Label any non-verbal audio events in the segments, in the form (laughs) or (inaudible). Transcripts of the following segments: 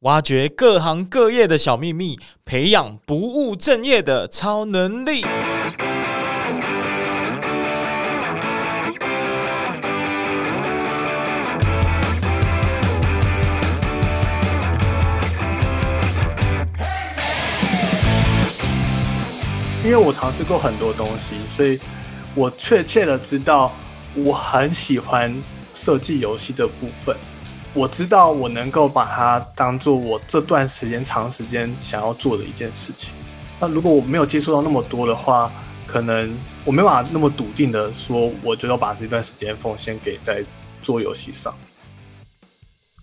挖掘各行各業的小祕密，培養不務正業的超能力。因為我嘗試過很多東西，所以我確切的知道我很喜歡設計遊戲的部分。我知道我能夠把它當做我這段時間長時間想要做的一件事情。那如果我沒有接觸到那麼多的話，可能我沒辦法那麼篤定的說，我就要把這段時間奉獻給在做遊戲上。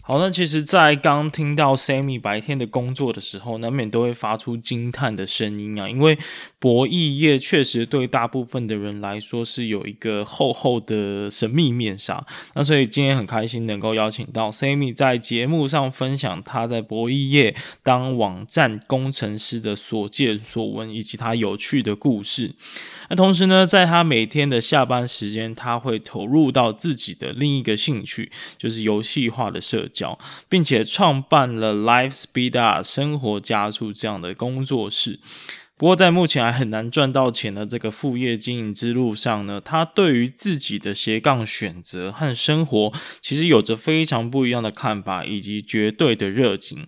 好，那其實，在剛聽到 Sammy 白天的工作的時候，難免都會發出驚嘆的聲音啊，因為博弈業確實對大部分的人來說是有一個厚厚的神秘面紗。那所以今天很開心能夠邀請到 Sammy 在節目上分享他在博弈業當網站工程師的所見所聞以及他有趣的故事。那同時呢，在他每天的下班時間，他會投入到自己的另一個興趣，就是遊戲化的設計。並且創辦了 Life Speed Up 生活加速這樣的工作室。不過，在目前還很難賺到錢的這個副業經營之路上呢，他對於自己的斜槓選擇和生活，其實有着非常不一樣的看法，以及絕對的熱情。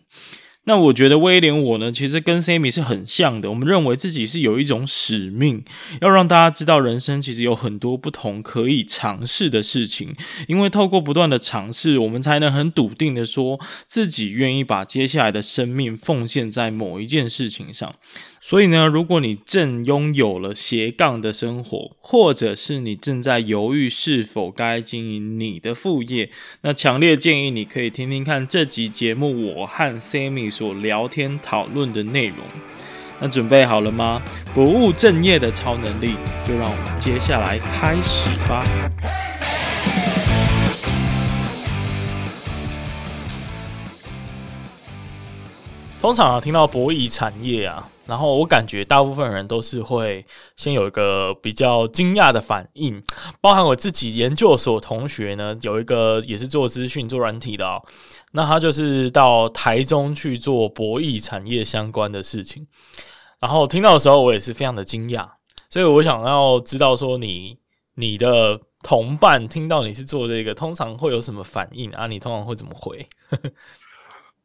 那我覺得威廉我呢，其實跟 Sammy 是很像的。我們認為自己是有一種使命，要讓大家知道人生其實有很多不同可以嘗試的事情。因為透過不斷的嘗試，我們才能很篤定的說自己願意把接下來的生命奉獻在某一件事情上。所以呢，如果你正擁有了斜槓的生活，或者是你正在猶豫是否該經營你的副業，那強烈建議你可以聽聽看這集節目我和 Sammy。所聊天討論的內容，那準備好了嗎？不務正業的超能力，就讓我們接下來開始吧。通常啊，聽到博弈產業啊，然後我感覺大部分人都是會先有一個比較驚訝的反應，包含我自己研究所同學呢，有一個也是做資訊、做軟體的啊、喔。那他就是到台中去做博弈產業相關的事情，然後聽到的時候我也是非常的驚訝，所以我想要知道說你、你的同伴聽到你是做這個，通常會有什麼反應啊？你通常會怎麼回？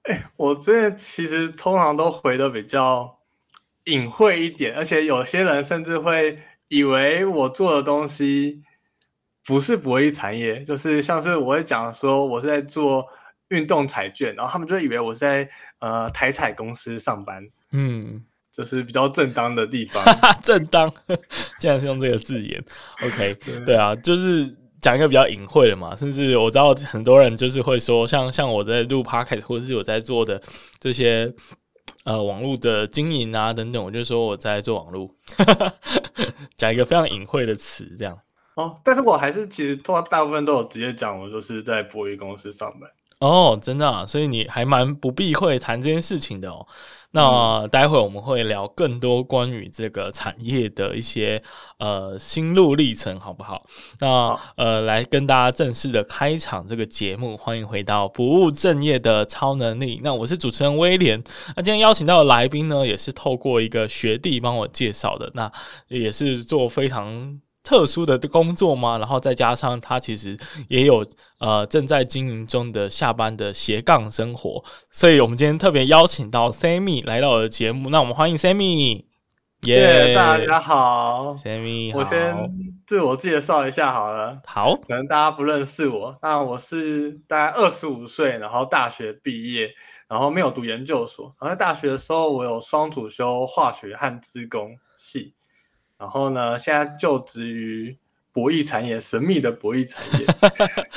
哎、 (laughs) 欸，我這其實通常都回的比較隱晦一點，而且有些人甚至會以為我做的東西不是博弈產業，就是像是我會講說我是在做。運動彩券，然後他們就會以為我是在呃台彩公司上班，嗯，就是比較正當的地方， (laughs) 正當， (laughs) 竟然是用這個字眼 (laughs) ，OK，對啊，就是講一個比較隱晦的嘛，甚至我知道很多人就是會說，像像我在錄 Podcast 或者是我在做的這些呃網絡的經營啊等等，我就說我在做網絡，哈哈哈，講一個非常隱晦的詞這樣。哦，但是我還是其實大大部分都有直接講，我就是在博弈公司上班。哦、oh，真的、啊，所以你還蠻不避諱談這件事情的哦？那、呃嗯、待會我們會聊更多關於這個產業的一些呃心路歷程，好不好？那好呃，來跟大家正式的開場這個節目，歡迎回到不務正業的超能力。那我是主持人威廉。那今天邀請到的來賓呢，也是透過一個學弟幫我介紹的。那也是做非常。特殊的工作嗎？然後再加上他其實也有呃正在經營中的下班的斜槓生活，所以我們今天特別邀請到 Sammy 來到我的節目。那我們歡迎 Sammy，耶，yeah! Yeah, 大家好，Sammy，我先自我介紹一下好了，好，可能大家不認識我，那我是大概二十五歲，然後大學畢業，然後沒有讀研究所。然後在大學的時候，我有雙主修化學和資工。然後呢，現在就職於博弈產業，神秘的博弈產業。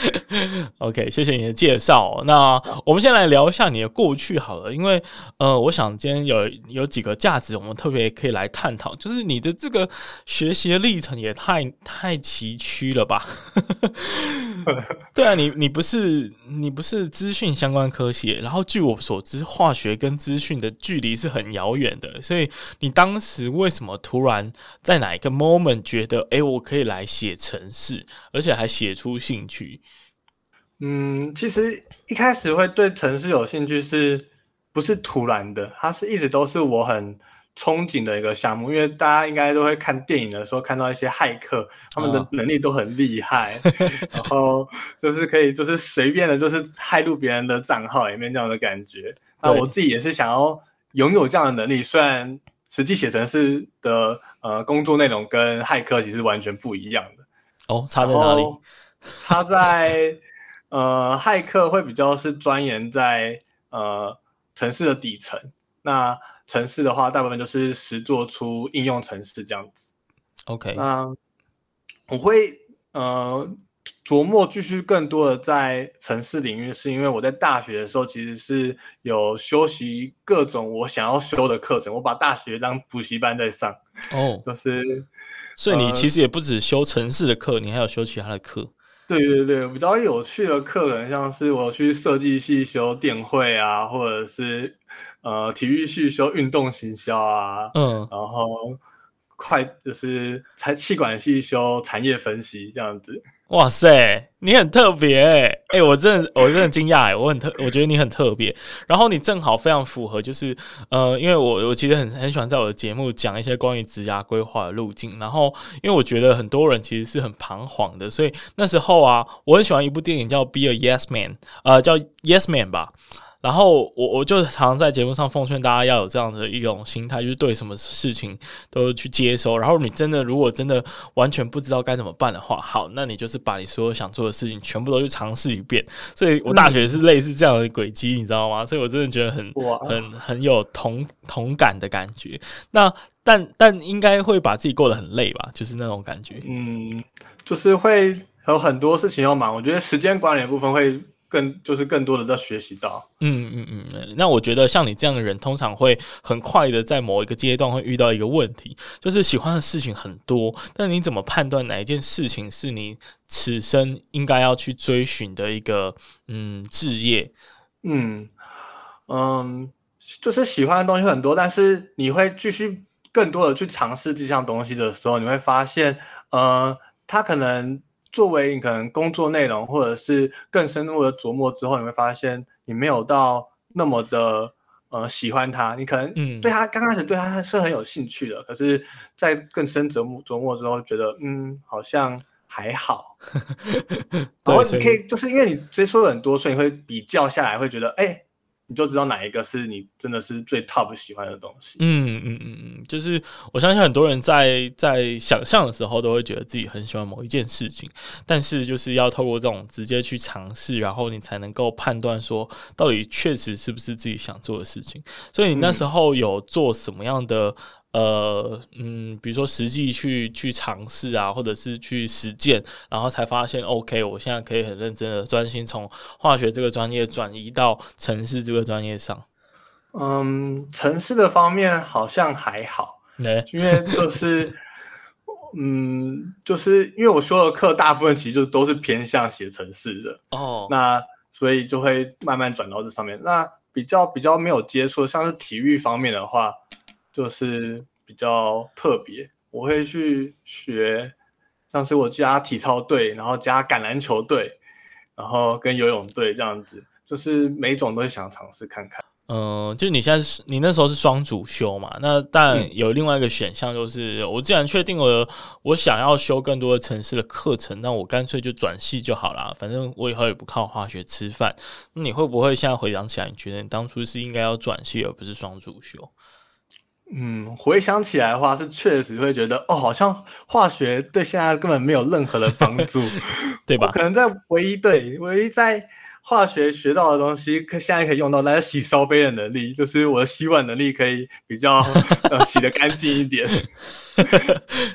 (laughs) OK，謝謝你的介紹。那我們先來聊一下你的過去好了，因為呃，我想今天有有幾個價值，我們特別可以來探討，就是你的這個學習的歷程也太太崎嶇了吧？ (laughs) (laughs) (laughs) (laughs) 對啊，你你不是你不是資訊相關科學，然後據我所知，化學跟資訊的距離是很遙遠的，所以你當時為什麼突然在哪一個 moment 覺得，欸，我可以來寫？程式，而且還寫出興趣。嗯，其實一開始會對程式有興趣是，是不是突然的？它是一直都是我很憧憬的一個項目。因為大家應該都會看電影的時候，看到一些駭客，他們的能力都很厲害，哦、 (laughs) 然後就是可以，就是隨便的，就是駭入別人的賬號裡面這樣的感覺。那我自己也是想要擁有這樣的能力。雖然實際寫程式的呃工作內容跟駭客其實完全不一樣的。哦，差在哪裡？差在 (laughs) 呃，駭客會比較是鑽研在呃程式的底層。那程式的話，大部分就是實做出應用程式這樣子。OK，那我會呃琢磨繼續更多的在程式領域，是因為我在大學的時候其實是有修習各種我想要修的課程，我把大學當補習班在上。哦、oh, (laughs) 就是，所以你其實也不止修城市的課，呃，你還有修其他的課。對對對，比較有趣的課，可能像是我去設計系修電繪啊，或者是呃體育系修運動行銷啊，嗯，然後快就是財氣管系修產業分析這樣子。哇塞，你很特別哎、欸！誒、欸、我真的，我真的驚訝哎！我很特，我覺得你很特別。然後你正好非常符合，就是呃，因為我我其實很很喜歡在我的節目講一些關於職涯規劃的路徑。然後，因為我覺得很多人其實是很彷徨的，所以那時候啊，我很喜歡一部電影叫《Be a Yes Man》，呃，叫《Yes Man》吧。然後我我就常常在節目上奉勸大家要有這樣的一種心態，就是對什麼事情都去接收。然後你真的如果真的完全不知道該怎麼辦的話，好，那你就是把你所有想做的事情全部都去嘗試一遍。所以我大學是類似這樣的軌跡，嗯、你知道嗎？所以我真的覺得很很很有同同感的感覺。那但但應該會把自己過得很累吧，就是那種感覺。嗯，就是會有很多事情要忙。我覺得時間管理的部分會。更就是更多的在學習到，嗯嗯嗯，那我覺得像你這樣的人，通常會很快的在某一個階段會遇到一個問題，就是喜歡的事情很多，但你怎麼判斷哪一件事情是你此生應該要去追尋的一個嗯志業？嗯嗯，就是喜歡的東西很多，但是你會繼續更多的去嘗試這項東西的時候，你會發現，呃、嗯，他可能。作為你可能工作內容，或者是更深入的琢磨之後，你會發現你沒有到那麼的呃喜歡他。你可能對他剛、嗯、開始對他是很有興趣的，可是，在更深琢磨琢磨之後，覺得嗯好像還好。 (laughs) 然後你可以，所以就是因為你直接說了很多，所以你會比較下來，會覺得哎。欸你就知道哪一個是你真的是最 top 喜歡的東西。嗯嗯嗯嗯，就是我相信很多人在在想象的時候都會覺得自己很喜歡某一件事情，但是就是要透過這種直接去嘗試，然後你才能夠判斷說到底確實是不是自己想做的事情。所以你那時候有做什麼樣的、嗯？呃，嗯，比如說實際去去嘗試啊，或者是去實踐，然後才發現，OK，我現在可以很認真的專心從化學這個專業轉移到程式這個專業上。嗯，程式的方面好像還好，欸、因為就是， (laughs) 嗯，就是因為我說的課大部分其實就是都是偏向寫程式的哦，oh. 那所以就會慢慢轉到這上面。那比較比較沒有接觸，像是體育方面的話。就是比較特別，我會去學，像是我加體操隊，然後加橄欖球隊，然後跟游泳隊這樣子，就是每種都想嘗試看看。嗯、呃，就你現在是你那時候是雙主修嘛？那但有另外一個選項，就是、嗯、我既然確定了我想要修更多的程式的課程，那我乾脆就轉系就好啦。反正我以後也不靠化學吃飯，那你會不會現在回想起來，你覺得你當初是應該要轉系而不是雙主修？嗯，回想起來的話，是確實會覺得哦，好像化學對現在根本沒有任何的幫助， (laughs) 對吧？可能在唯一對唯一在化學學到的東西可，可現在可以用到，來洗燒杯的能力，就是我的洗碗能力可以比較呃 (laughs) 洗得乾淨一點。 (laughs) (laughs) (laughs)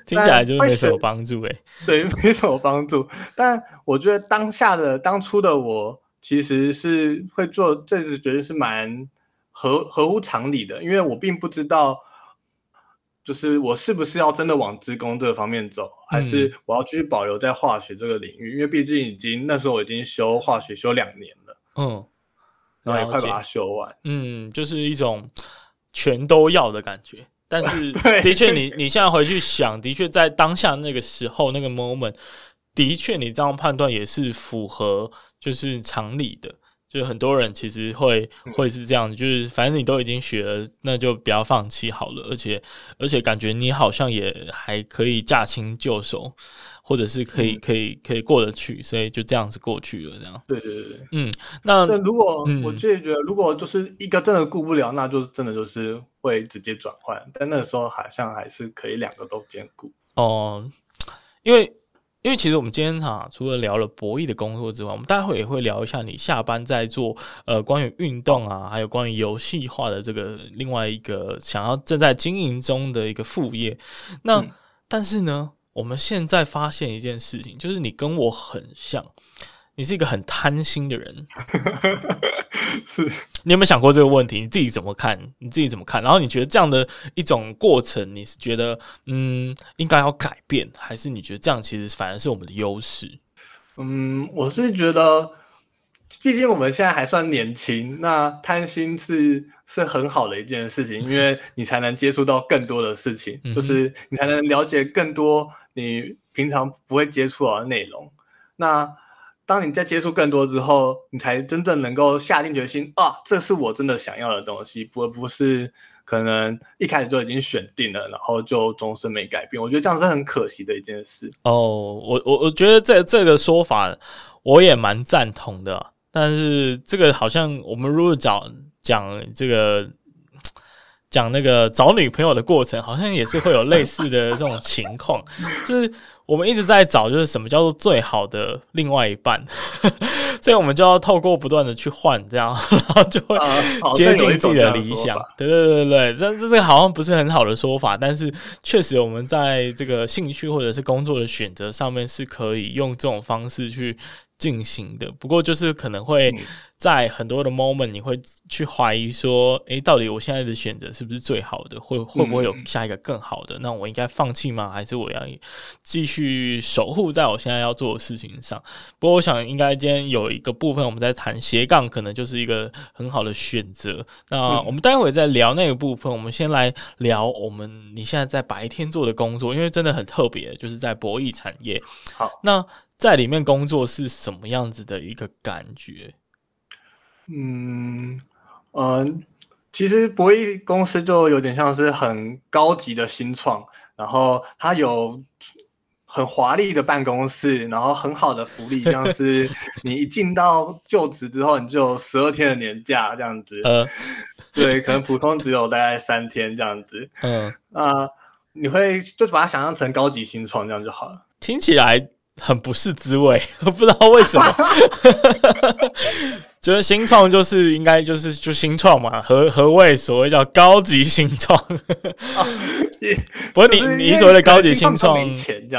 聽起來就是沒什麼幫助誒、欸， (laughs) 對，沒什麼幫助。但我覺得當下的當初的我，其實是會做，這是覺得是蠻合合乎常理的，因為我並不知道。就是我是不是要真的往資工這個方面走，還是我要繼續保留在化學這個領域？嗯、因為畢竟已經那時候我已經修化學修兩年了，嗯，了解，然後也快把它修完，嗯，就是一種全都要的感覺。但是的確，你 (laughs) 你現在回去想，的確在當下那個時候那個 moment，的確你這樣判斷也是符合就是常理的。就很多人其實會會是這樣、嗯，就是反正你都已經學了，那就不要放棄好了。而且而且感覺你好像也還可以駕輕就熟，或者是可以、嗯、可以可以過得去，所以就這樣子過去了。這樣對對對，嗯，那如果我自己覺得，如果就是一個真的顧不了，那、嗯、就是、真的就是會直接轉換。但那個時候好像還是可以兩個都兼顧哦、嗯，因為。因為其實我們今天哈、啊，除了聊了博弈的工作之外，我們待會也會聊一下你下班在做呃關於運動啊，還有關於遊戲化的這個另外一個想要正在經營中的一個副業。那、嗯、但是呢，我們現在發現一件事情，就是你跟我很像。你是一個很貪心的人， (laughs) 是？你有沒有想過這個問題？你自己怎麼看？你自己怎麼看？然後你覺得這樣的一種過程，你是覺得嗯應該要改變，還是你覺得這樣其實反而是我們的優勢？嗯，我是覺得，畢竟我們現在還算年輕，那貪心是是很好的一件事情，因為你才能接觸到更多的事情、嗯，就是你才能了解更多你平常不會接觸到的內容。那當你在接觸更多之後，你才真正能夠下定決心啊，這是我真的想要的東西，不，不是可能一開始就已經選定了，然後就終身沒改變。我覺得這樣是很可惜的一件事。哦、oh，我我我覺得這這個說法我也蠻贊同的，但是這個好像我們如果講講這個。講那個找女朋友的過程，好像也是會有類似的這種情況， (laughs) 就是我們一直在找，就是什麼叫做最好的另外一半， (laughs) 所以我們就要透過不斷的去換，這樣然後就會接近自己的理想。對對對對對，這這這個好像不是很好的說法，但是確實我們在這個興趣或者是工作的選擇上面是可以用這種方式去進行的。不過就是可能會。在很多的 moment，你會去懷疑說：“誒，到底我現在的選擇是不是最好的？會會不會有下一個更好的？嗯。那我應該放棄嗎？還是我要繼續守護在我現在要做的事情上？”不過，我想應該今天有一個部分我們在談斜槓，可能就是一個很好的選擇。那我們待會再聊那個部分，嗯。我們先來聊我們你現在在白天做的工作，因為真的很特別，就是在博弈產業。好，那在裡面工作是什麼樣子的一個感覺？嗯嗯、呃，其實博弈公司就有點像是很高級的新創，然後它有很華麗的辦公室，然後很好的福利，像是你一進到就職之後，你就有十二天的年假這樣子、呃。對，可能普通只有大概三天這樣子。嗯啊、呃，你會就把它想象成高級新創這樣就好了。聽起來很不是滋味，不知道為什麼。 (laughs) 覺得新創就是應該就是就新創嘛？何何謂所謂叫高級新創？啊，不是你，就是你你所謂的高級新創，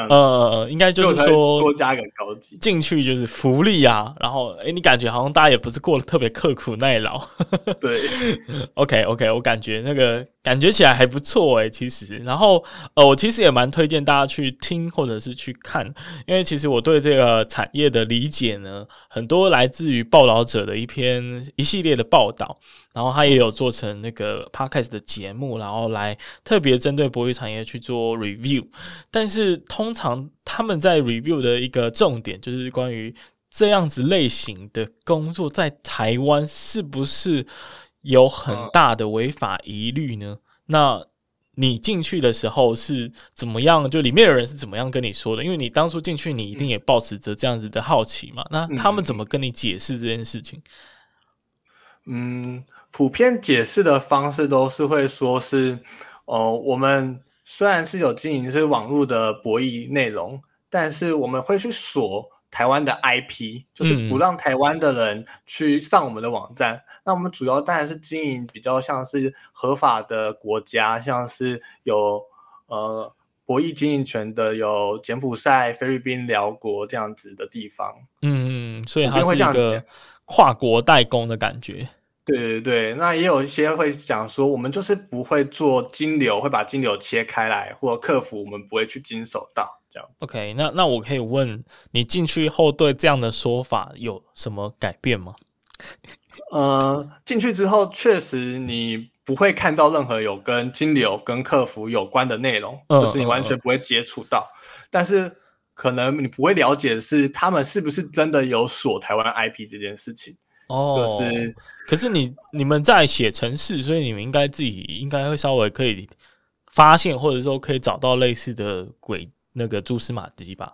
呃，應該就是說多加個高級進去就是福利啊。然後哎、欸，你感覺好像大家也不是過得特別刻苦耐勞。對，OK OK，我感覺那個感覺起來還不錯誒、欸、其實，然後呃，我其實也蠻推薦大家去聽或者是去看，因為其實我對這個產業的理解呢，很多來自於報道者。的一篇一系列的報道，然後他也有做成那個 podcast 的節目，然後來特別針對博弈產業去做 review。但是通常他們在 review 的一個重點，就是關於這樣子類型的工作，在台灣是不是有很大的違法疑慮呢？那你進去的時候是怎麼樣？就裡面的人是怎麼樣跟你說的？因為你當初進去，你一定也抱持着這樣子的好奇嘛。那他們怎麼跟你解釋這件事情？嗯，普遍解釋的方式都是會說是，哦、呃，我們雖然是有經營是網絡的博弈內容，但是我們會去鎖。台灣的 IP 就是不讓台灣的人去上我們的網站。嗯、那我們主要當然是經營比較像是合法的國家，像是有呃博弈經營權的，有柬埔寨、菲律賓、寮國這樣子的地方。嗯嗯，所以他是一個跨國代工的感覺。對對對，那也有一些會講說，我們就是不會做金流，會把金流切開來，或客服我們不會去經手到。OK，那那我可以問你進去後對這樣的說法有什麼改變嗎？呃，進去之後確實你不會看到任何有跟金流跟客服有關的內容，嗯，就是你完全不會接觸到。嗯嗯，但是可能你不會了解的是，他們是不是真的有鎖台灣 IP 這件事情？哦，就是，可是你你們在寫程式，所以你們應該自己應該會稍微可以發現，或者說可以找到類似的軌。那個蛛絲馬迹吧，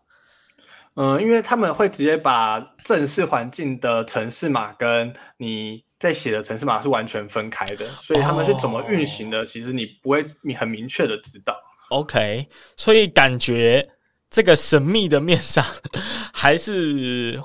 嗯，因為他們會直接把正式環境的程式碼跟你在寫的程式碼是完全分開的，所以他們是怎麼運行的，oh. 其實你不會你很明確的知道。OK，所以感覺這個神秘的面紗還是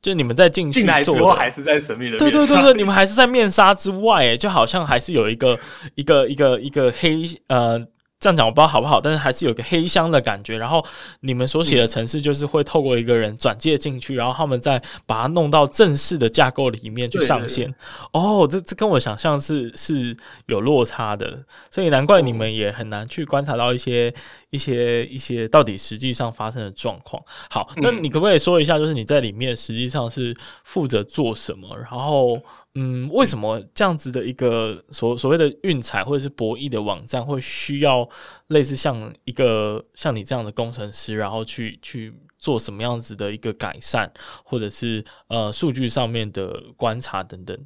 就你們在進去做，進來之後還是在神秘的對對對對，你們還是在面紗之外，就好像還是有一個, (laughs) 一,個一個一個一個黑呃。這樣講我不知道好不好，但是還是有個黑箱的感覺。然後你們所寫的程式就是會透過一個人轉介進去，嗯，然後他們再把它弄到正式的架構裡面去上線。哦，oh, 這這跟我想象是是有落差的，所以難怪你們也很難去觀察到一些，嗯、一些一些到底實際上發生的狀況。好，嗯，那你可不可以說一下，就是你在裡面實際上是負責做什麼？然後。嗯，為什麼這樣子的一個所所謂的運彩或者是博弈的網站會需要類似像一個像你這樣的工程師，然後去去做什麼樣子的一個改善，或者是呃數據上面的觀察等等？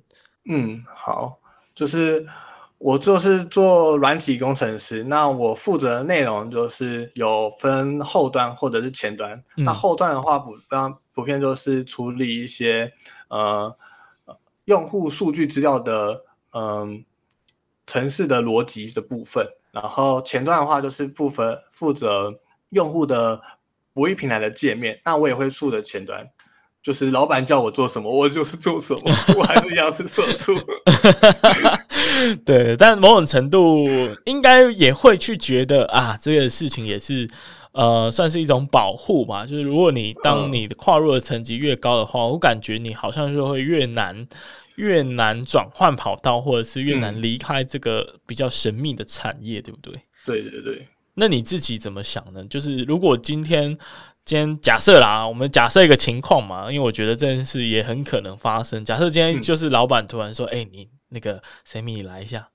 嗯，好，就是我就是做軟體工程師，那我負責的內容就是有分後端或者是前端，嗯、那後端的話普當普遍就是處理一些呃。用戶數據資料的嗯，呃、程式的邏輯的部分，然後前端的話就是部分負責用戶的博弈平台的界面。那我也會做的前端，就是老闆叫我做什麼，我就是做什麼， (laughs) 我還是一樣是社畜 (laughs) (laughs) (laughs) (laughs) 對，但某種程度應該也會去覺得啊，這個事情也是。呃，算是一種保護吧。就是如果你當你的跨入的層級越高的話，嗯，我感覺你好像就會越難越難轉換跑道，或者是越難離開這個比較神秘的產業，嗯，對不對？對對對。那你自己怎麼想呢？就是如果今天今天假設啦，我們假設一個情況嘛，因為我覺得這件事也很可能發生。假設今天就是老闆突然說：“哎、嗯欸，你那個 Sammy 來一下。”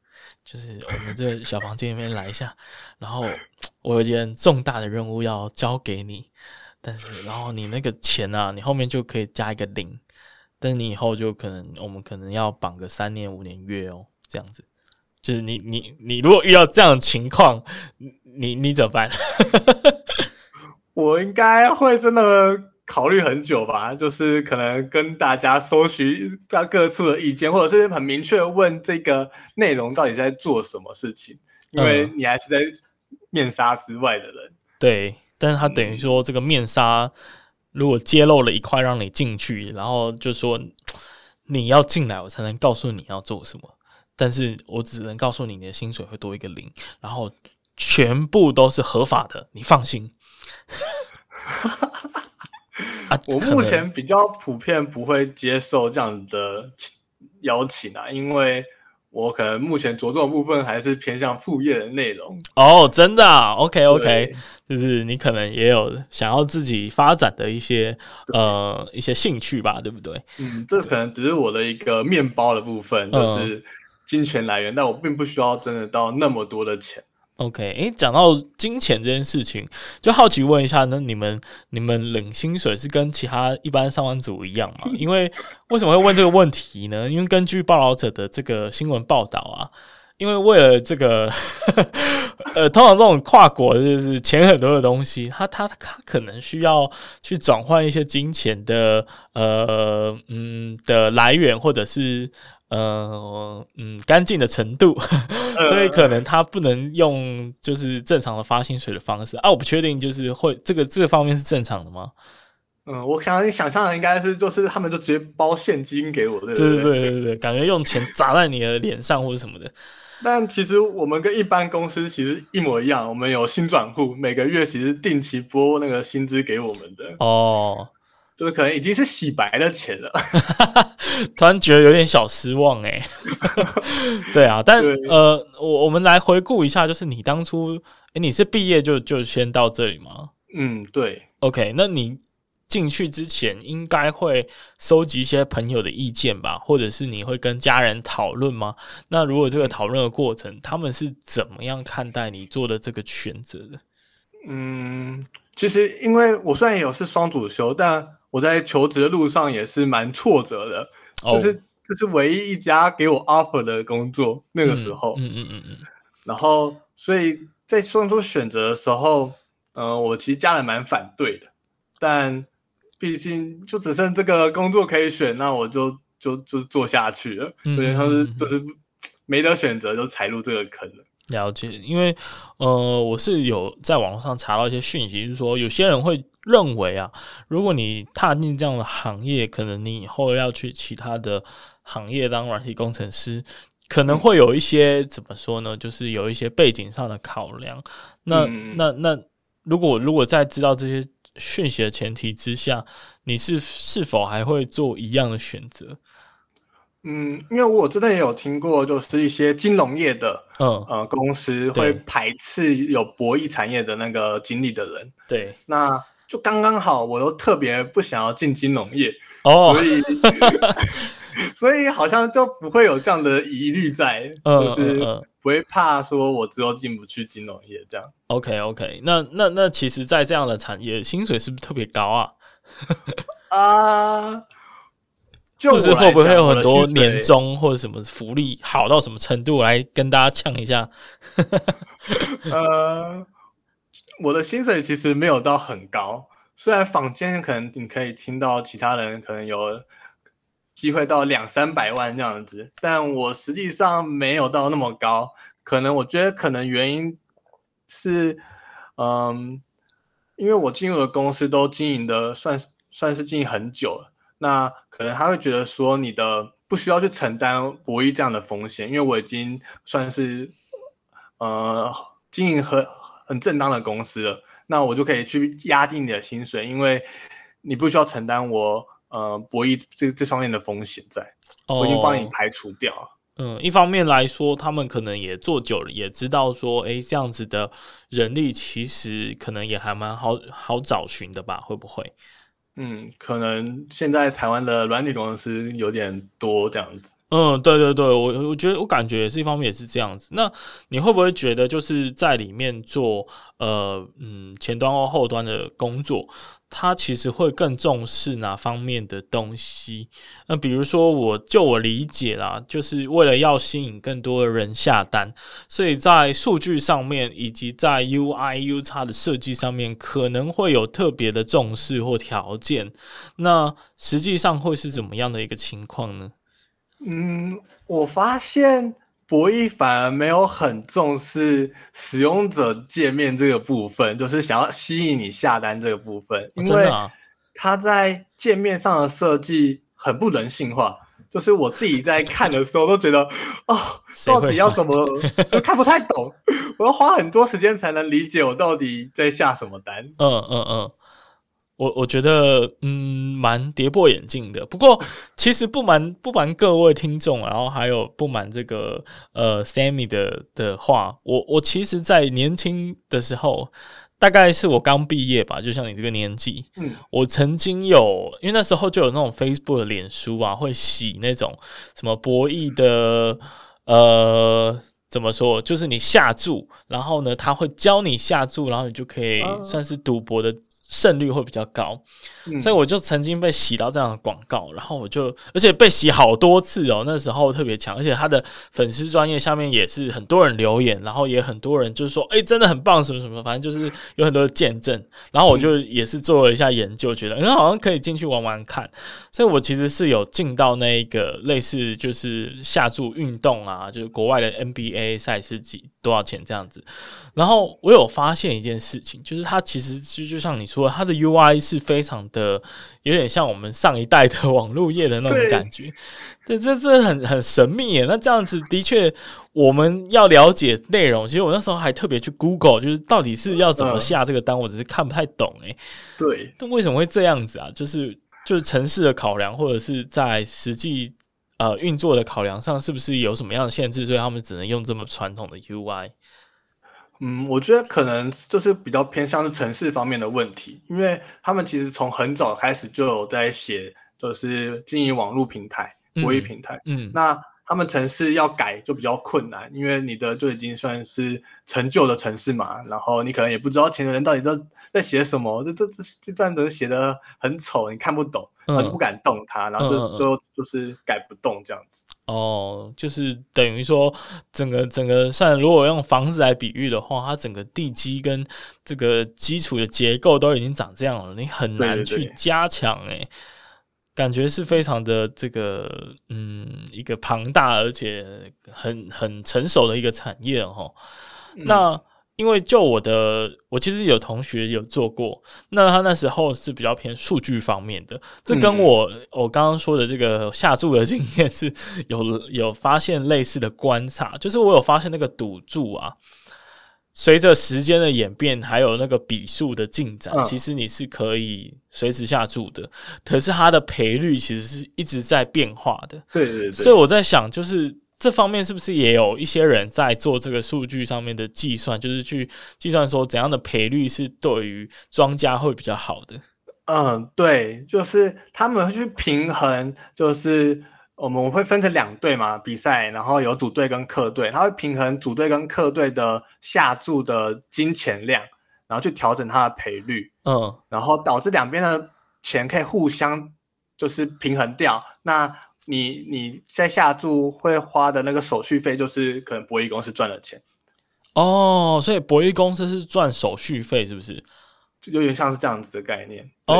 就是我們這個小房間裡面來一下，然後我有件重大的任務要交給你，但是然後你那個錢啊，你後面就可以加一個零，但你以後就可能我們可能要綁個三年五年約哦，這樣子，就是你你你如果遇到這樣的情況，你你怎麼辦？ (laughs) 我應該會真的。考慮很久吧，就是可能跟大家搜尋各處的意見，或者是很明確問這個內容到底在做什麼事情，因為你還是在面紗之外的人，嗯。對，但是他等於說這個面紗、嗯、如果揭露了一塊讓你進去，然後就說你要進來，我才能告訴你要做什麼，但是我只能告訴你你的薪水會多一個零，然後全部都是合法的，你放心。 (laughs) 啊，我目前比較普遍不會接受這樣的邀請啊，因為我可能目前着重的部分還是偏向副業的內容。哦，真的啊？OK，OK，OK, OK, 就是你可能也有想要自己發展的一些呃一些興趣吧，對不對？嗯，這可能只是我的一個麵包的部分，就是金錢來源，嗯，但我並不需要掙得到那麼多的錢。OK，哎、欸，講到金錢這件事情，就好奇問一下，那你們你們領薪水是跟其他一般上班族一樣嗎？因為為什麼會問這個問題呢？因為根據報道者的這個新聞報道啊，因為為了這個， (laughs) 呃，通常這種跨國就是錢很多的東西，他他他可能需要去轉換一些金錢的，呃，嗯的來源，或者是。呃嗯，乾淨的程度， (laughs) 所以可能他不能用就是正常的發薪水的方式啊，我不確定就是會這個這個、方面是正常的嗎？嗯，我想你想象的應該是就是他們就直接包現金給我，對對，對對對對 (laughs) 感覺用錢砸在你的臉上或者什麼的。但其實我們跟一般公司其實一模一樣，我們有薪轉戶，每個月其實定期撥那個薪資給我們的。哦。就是可能已經是洗白的錢了 (laughs) 突然覺得有點小失望哎、欸。 (laughs) (laughs) 對啊，但呃，我我們來回顧一下，就是你當初，誒你是畢業就就先到這裡嗎？嗯，對。OK，那你進去之前應該會收集一些朋友的意見吧，或者是你會跟家人討論嗎？那如果這個討論的過程，他們是怎麼樣看待你做的這個選擇的？嗯，其實因為我雖然也有是雙主修，但我在求職的路上也是蠻挫折的，就、哦、是這是唯一一家給我 offer 的工作，嗯、那個時候，嗯嗯嗯嗯，然後所以在做出選擇的時候，嗯、呃，我其實家人蠻反對的，但畢竟就只剩這個工作可以選，那我就就就，就做下去了，有點像是就是沒得選擇就踩入這個坑了。了解，因為呃，我是有在網上查到一些訊息，就是說有些人會認為啊，如果你踏進這樣的行業，可能你以後要去其他的行業當軟體工程師，可能會有一些怎麼說呢？就是有一些背景上的考量。那、嗯、那那，那，如果如果在知道這些訊息的前提之下，你是是否還會做一樣的選擇？嗯，因為我之前也有聽過，就是一些金融業的嗯呃公司會排斥有博弈產業的那個經歷的人。對，那。就剛剛好，我都特別不想要進金融業，哦、oh.，所以 (laughs) 所以好像就不會有這樣的疑慮在、嗯，就是不會怕說我之後進不去金融業這樣。OK OK，那那那其實，在這樣的產業，薪水是不是特別高啊？啊、 (laughs) uh,，就是會不會有很多年終或者什麼福利好到什麼程度來跟大家嗆一下？呃、 (laughs) uh...。我的薪水其實沒有到很高，雖然坊間可能你可以聽到其他人可能有機會到兩三百萬這樣子，但我實際上沒有到那麼高。可能我覺得可能原因是，嗯、呃，因為我進入的公司都經營的算算是經營很久了，那可能他會覺得說你的不需要去承擔博弈這樣的風險，因為我已經算是呃經營很。很正當的公司了，那我就可以去壓低你的薪水，因為你不需要承擔我呃博弈這這方面的風險在，在我已經幫你排除掉了。哦。嗯，一方面來說，他們可能也做久了，也知道說，哎，這樣子的人力其實可能也還蠻好好找尋的吧？會不會？嗯，可能現在台灣的軟體公司有點多，這樣子。嗯，對對對，我我覺得我感覺也是一方面也是這樣子。那你會不會覺得就是在裡面做呃嗯前端或後端的工作，他其實會更重視哪方面的東西？那比如說我，我就我理解啦，就是為了要吸引更多的人下單，所以在數據上面以及在 UI UX 的設計上面可能會有特別的重視或條件。那實際上會是怎麼樣的一個情況呢？嗯，我發現博弈反而沒有很重視使用者界面這個部分，就是想要吸引你下單這個部分，哦啊、因為他在界面上的設計很不人性化，就是我自己在看的時候都覺得， (laughs) 哦，到底要怎麼、啊、就看不太懂，我要花很多時間才能理解我到底在下什麼單，嗯嗯嗯。嗯我我覺得嗯蠻跌破眼鏡的。不過其實不瞞不瞞各位聽眾，然後還有不瞞這個呃 Sammy 的的話，我我其實，在年輕的時候，大概是我剛畢業吧，就像你這個年紀，嗯，我曾經有，因為那時候就有那種 Facebook 的臉書啊，會洗那種什麼博弈的，呃，怎麼說，就是你下注，然後呢，他會教你下注，然後你就可以算是賭博的。啊勝率會比較高，所以我就曾經被洗到這樣的廣告，然後我就而且被洗好多次哦、喔。那時候特別強，而且他的粉絲專頁下面也是很多人留言，然後也很多人就是說：“哎、欸，真的很棒，什麼什麼，反正就是有很多的見證。”然後我就也是做了一下研究，覺得嗯，好像可以進去玩玩看。所以我其實是有進到那個類似就是下注運動啊，就是國外的 NBA 賽事幾多少錢這樣子。然後我有發現一件事情，就是他其實是就，就像你說。說它的 UI 是非常的，有點像我們上一代的網絡頁的那種感覺。對，這這這很很神秘耶，那這樣子的確，我們要了解內容。其實我那時候還特別去 Google，就是到底是要怎麼下這個單，我只是看不太懂誒，對，那為什麼會這樣子啊？就是就是程式的考量，或者是在實際呃運作的考量上，是不是有什麼樣的限制，所以他們只能用這麼傳統的 UI？嗯，我覺得可能就是比較偏向是程式方面的問題，因為他們其實從很早開始就有在寫，就是經營網絡平台、嗯、博弈平台。嗯，那他們程式要改就比較困難，因為你的就已經算是陳舊的程式嘛，然後你可能也不知道前人到底在在寫什麼，這這這這段都寫得很醜，你看不懂。然後就不敢動它，嗯嗯、然後就就就是改不動這樣子。哦，就是等於說整，整個整個算如果用房子來比喻的話，它整個地基跟這個基礎的結構都已經長這樣了，你很難去加強誒、欸，對對對，感覺是非常的這個嗯，一個龐大而且很很成熟的一個產業哦、嗯。那。因為就我的，我其實有同學有做過，那他那時候是比較偏數據方面的，這跟我、嗯、我剛剛說的這個下注的經驗是有、嗯、有發現類似的觀察，就是我有發現那個賭注啊，隨着時間的演變，還有那個筆數的進展、嗯，其實你是可以隨時下注的，可是它的賠率其實是一直在變化的，對對對，所以我在想就是。這方面是不是也有一些人在做這個數據上面的計算，就是去計算說怎樣的賠率是對於莊家會比較好的？嗯，對，就是他們會去平衡，就是我們會分成兩隊嘛比賽，然後有主隊跟客隊，他會平衡主隊跟客隊的下注的金錢量，然後去調整它的賠率，嗯，然後導致兩邊的錢可以互相就是平衡掉，那。你你在下注會花的那個手續費，就是可能博弈公司賺了錢哦，oh, 所以博弈公司是賺手續費，是不是？就有點像是這樣子的概念哦。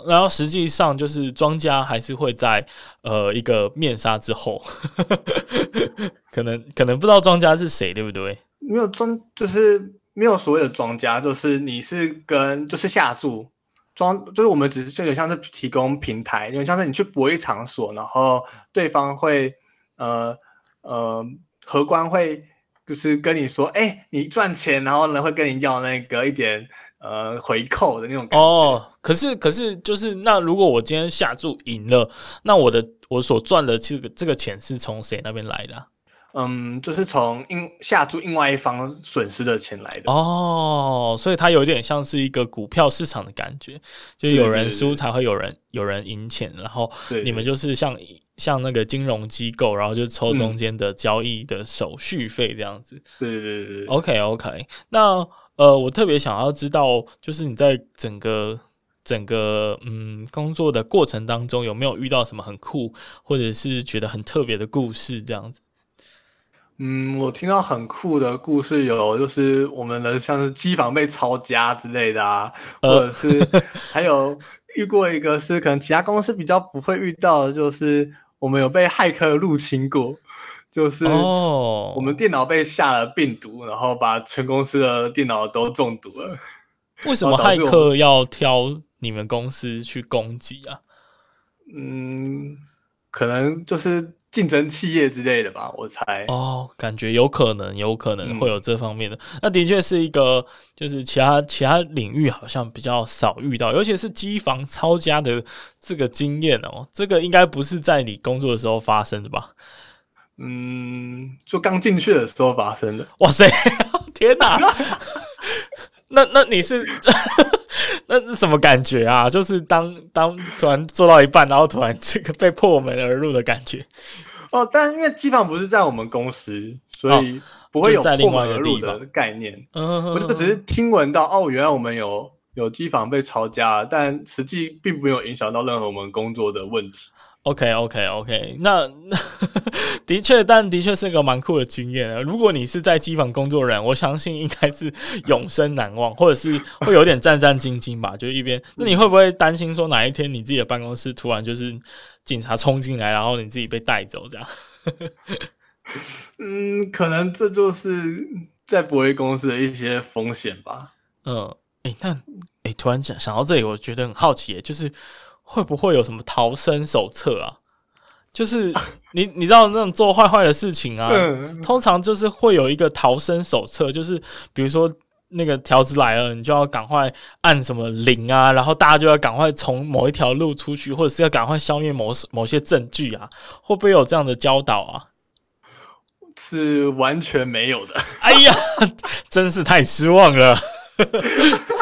Oh, 然後實際上就是莊家還是會在呃一個面紗之後， (laughs) 可能可能不知道莊家是誰，對不對？ (laughs) 沒有莊就是沒有所謂的莊家，就是你是跟就是下注。就是我們只是這個像是提供平台，因為像是你去博弈場所，然後對方會，呃呃，荷官會就是跟你說，哎、欸，你賺錢，然後呢會跟你要那個一點呃回扣的那種感覺。哦，可是可是就是那如果我今天下注贏了，那我的我所賺的這個這個錢是從誰那邊來的啊？嗯，就是從下注，另外一方損失的錢來的。哦，所以它有點像是一個股票市場的感覺，就是有人輸才會有人，對對對，有人贏錢，然後你們就是像，對對，像那個金融機構，然後就抽中間的交易的手續費這樣子。嗯。對對對。OK OK，那呃，我特別想要知道，就是你在整個整個嗯工作的過程當中，有沒有遇到什麼很酷，或者是覺得很特別的故事這樣子？嗯，我聽到很酷的故事，有就是我們的像是機房被抄家之類的啊，呃、或者是還有遇過一個是可能其他公司比較不會遇到，就是我們有被駭客入侵過，就是哦，我們電腦被下了病毒，哦、然後把全公司的電腦都中毒了。為什麼駭客要挑你們公司去攻擊啊？嗯，可能就是。競爭企業之類的吧，我猜。哦，感覺有可能，有可能會有這方面的。嗯、那的確是一個，就是其他其他領域好像比較少遇到，尤其是機房抄家的這個經驗哦。這個應該不是在你工作的時候發生的吧？嗯，就剛進去的時候發生的。哇塞！天哪、啊！ (laughs) 那那你是？ (laughs) 那是什麼感覺啊？就是當當突然做到一半，然後突然這個被破門而入的感覺。哦，但因為機房不是在我們公司，所以不會有破門而入的概念。哦，就是、我就只是聽聞到哦，原來我們有有機房被抄家，但實際並沒有影響到任何我們工作的問題。OK，OK，OK okay, okay, okay.。那 (laughs) 那的確，但的確是一個蠻酷的經驗。如果你是在機房工作人，我相信應該是永生難忘，或者是會有點戰戰兢兢吧。 (laughs) 就一邊，那你會不會擔心說哪一天你自己的辦公室突然就是警察衝進來，然後你自己被帶走這樣？ (laughs) 嗯，可能這就是在博弈公司的一些風險吧。嗯，誒、欸，那誒、欸，突然想想到這裡，我覺得很好奇、欸，就是。會不會有什麼逃生手冊啊？就是你你知道那種做壞壞的事情啊、嗯，通常就是會有一個逃生手冊，就是比如說那個條子來了，你就要趕快按什麼零啊，然後大家就要趕快從某一條路出去，或者是要趕快消滅某某些證據啊？會不會有這樣的教導啊？是完全沒有的。哎呀，真是太失望了。 (laughs)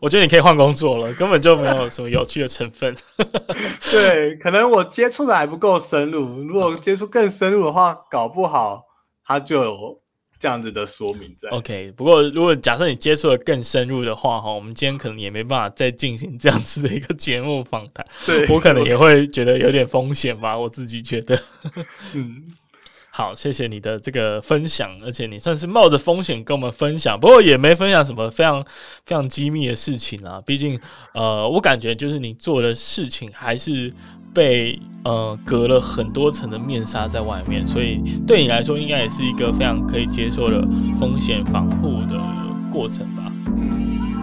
我覺得你可以換工作了，根本就沒有什麼有趣的成分。 (laughs) 對，可能我接觸的還不夠深入。如果接觸更深入的話、嗯，搞不好他就有這樣子的說明在。在 OK，不過如果假設你接觸的更深入的話，哈，我們今天可能也沒辦法再進行這樣子的一個節目訪談。對，我可能也會覺得有點風險吧，我，我自己覺得。 (laughs) 嗯。好，謝謝你的這個分享，而且你算是冒着風險跟我們分享，不過也沒分享什麼非常非常機密的事情啊。畢竟，呃，我感覺就是你做的事情還是被呃隔了很多層的面紗在外面，所以對你來說，應該也是一個非常可以接受的風險防護的過程吧。嗯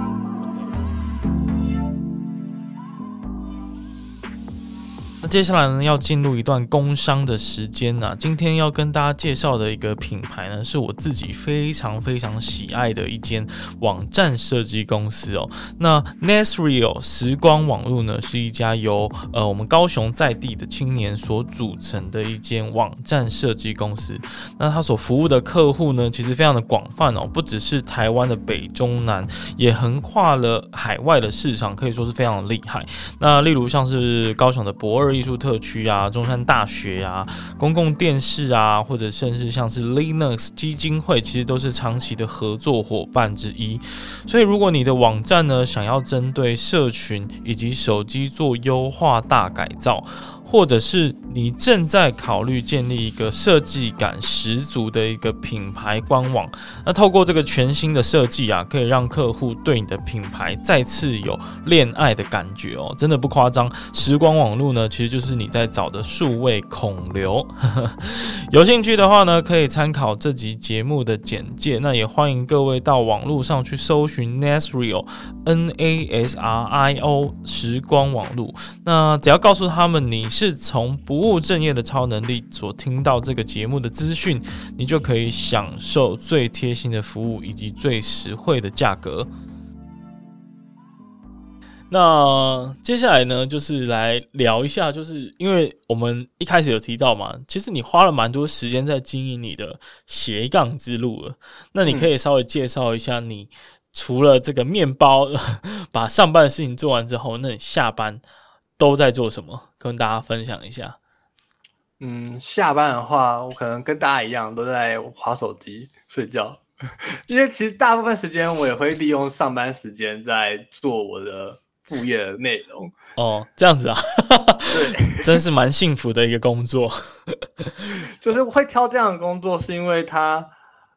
那接下來呢，要進入一段工商的時間呢、啊，今天要跟大家介紹的一個品牌呢，是我自己非常非常喜愛的一間網站設計公司哦。那 Nasrio 拾光網路呢，是一家由呃我們高雄在地的青年所組成的一間網站設計公司。那他所服務的客戶呢，其實非常的廣泛哦，不只是台灣的北中南，也橫跨了海外的市場，可以說是非常的厲害。那例如像是高雄的博爾。技術特區啊，中山大學啊，公共電視啊，或者甚至像是 Linux 基金會，其實都是長期的合作夥伴之一。所以，如果你的網站呢，想要針對社群以及手機做優化大改造。或者是你正在考慮建立一個設計感十足的一個品牌官網，那透過這個全新的設計啊，可以讓客戶對你的品牌再次有戀愛的感覺哦、喔，真的不誇張。拾光網路呢，其實就是你在找的數位孔流，有興趣的話呢，可以參考這集節目的簡介，那也歡迎各位到網路上去搜尋 Nasrio，N A S R I O 拾光網路，那只要告訴他們你。是從不務正業的超能力所聽到這個節目的資訊，你就可以享受最貼心的服務以及最實惠的價格。那接下來呢，就是來聊一下，就是因為我們一開始有提到嘛，其實你花了蠻多時間在經營你的斜槓之路了。那你可以稍微介紹一下，你除了這個麵包，嗯、 (laughs) 把上班的事情做完之後，那你下班？都在做什麼？跟大家分享一下。嗯，下班的話，我可能跟大家一樣都在滑手機、睡覺。 (laughs) 因為其實大部分時間我也會利用上班時間在做我的副業內容。哦，這樣子啊， (laughs) 對，真是蠻幸福的一個工作。 (laughs) 就是會挑這樣的工作，是因為它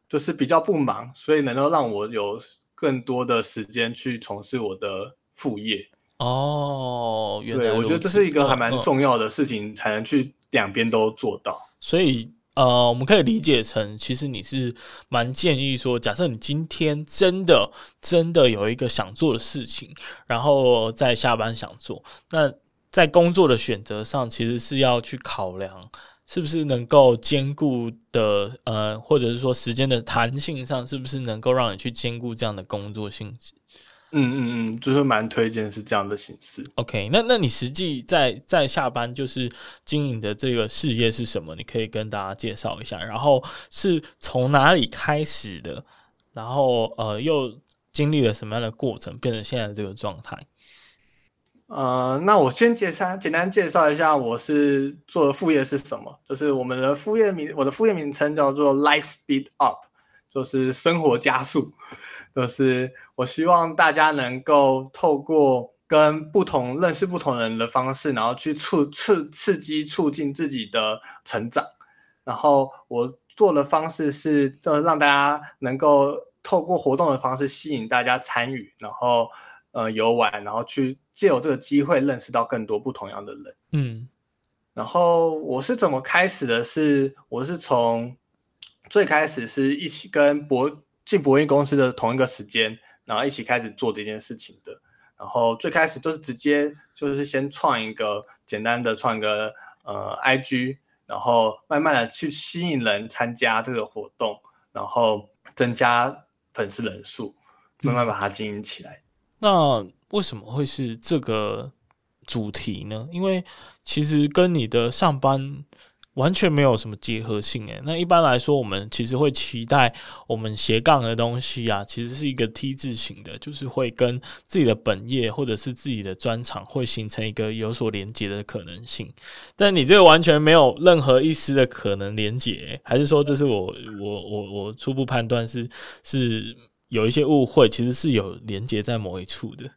就是比較不忙，所以能夠讓我有更多的時間去從事我的副業。哦原來，對，我覺得這是一個還蠻重要的事情，才能去兩邊都做到。哦，嗯。所以，呃，我們可以理解成，其實你是蠻建議說，假設你今天真的真的有一個想做的事情，然後在下班想做，那在工作的選擇上，其實是要去考量，是不是能夠兼顧的，呃，或者是說時間的彈性上，是不是能夠讓你去兼顧這樣的工作性質。嗯嗯嗯，就是蠻推薦是這樣的形式。OK，那那你實際在在下班就是經營的這個事業是什麼？你可以跟大家介紹一下。然後是從哪裡開始的？然後呃，又經歷了什麼樣的過程，變成現在這個狀態？呃，那我先介紹，簡單介紹一下，我是做的副業是什麼？就是我們的副業名，我的副業名稱叫做 Life Speed Up，就是生活加速。就是我希望大家能夠透過跟不同認識不同人的方式，然後去促刺刺激、刺激促進自己的成長。然後我做的方式是，呃，讓大家能夠透過活動的方式吸引大家參與，然後呃遊玩，然後去借由這個機會認識到更多不同樣的人。嗯，然後我是怎麼開始的是？是我是從最開始是一起跟博。進博弈公司的同一個時間，然後一起開始做這件事情的。然後最開始就是直接就是先創一個簡單的，創一個呃 IG，然後慢慢的去吸引人參加這個活動，然後增加粉絲人數，慢慢把它經營起來。嗯。那為什麼會是這個主題呢？因為其實跟你的上班。完全沒有什麼結合性誒、欸，那一般來說，我們其實會期待我們斜槓的東西啊，其實是一個 T 字形的，就是會跟自己的本業或者是自己的專長會形成一個有所連接的可能性。但你這個完全沒有任何一絲的可能連接、欸，還是說這是我我我我初步判斷是是有一些誤會，其實是有連接在某一處的？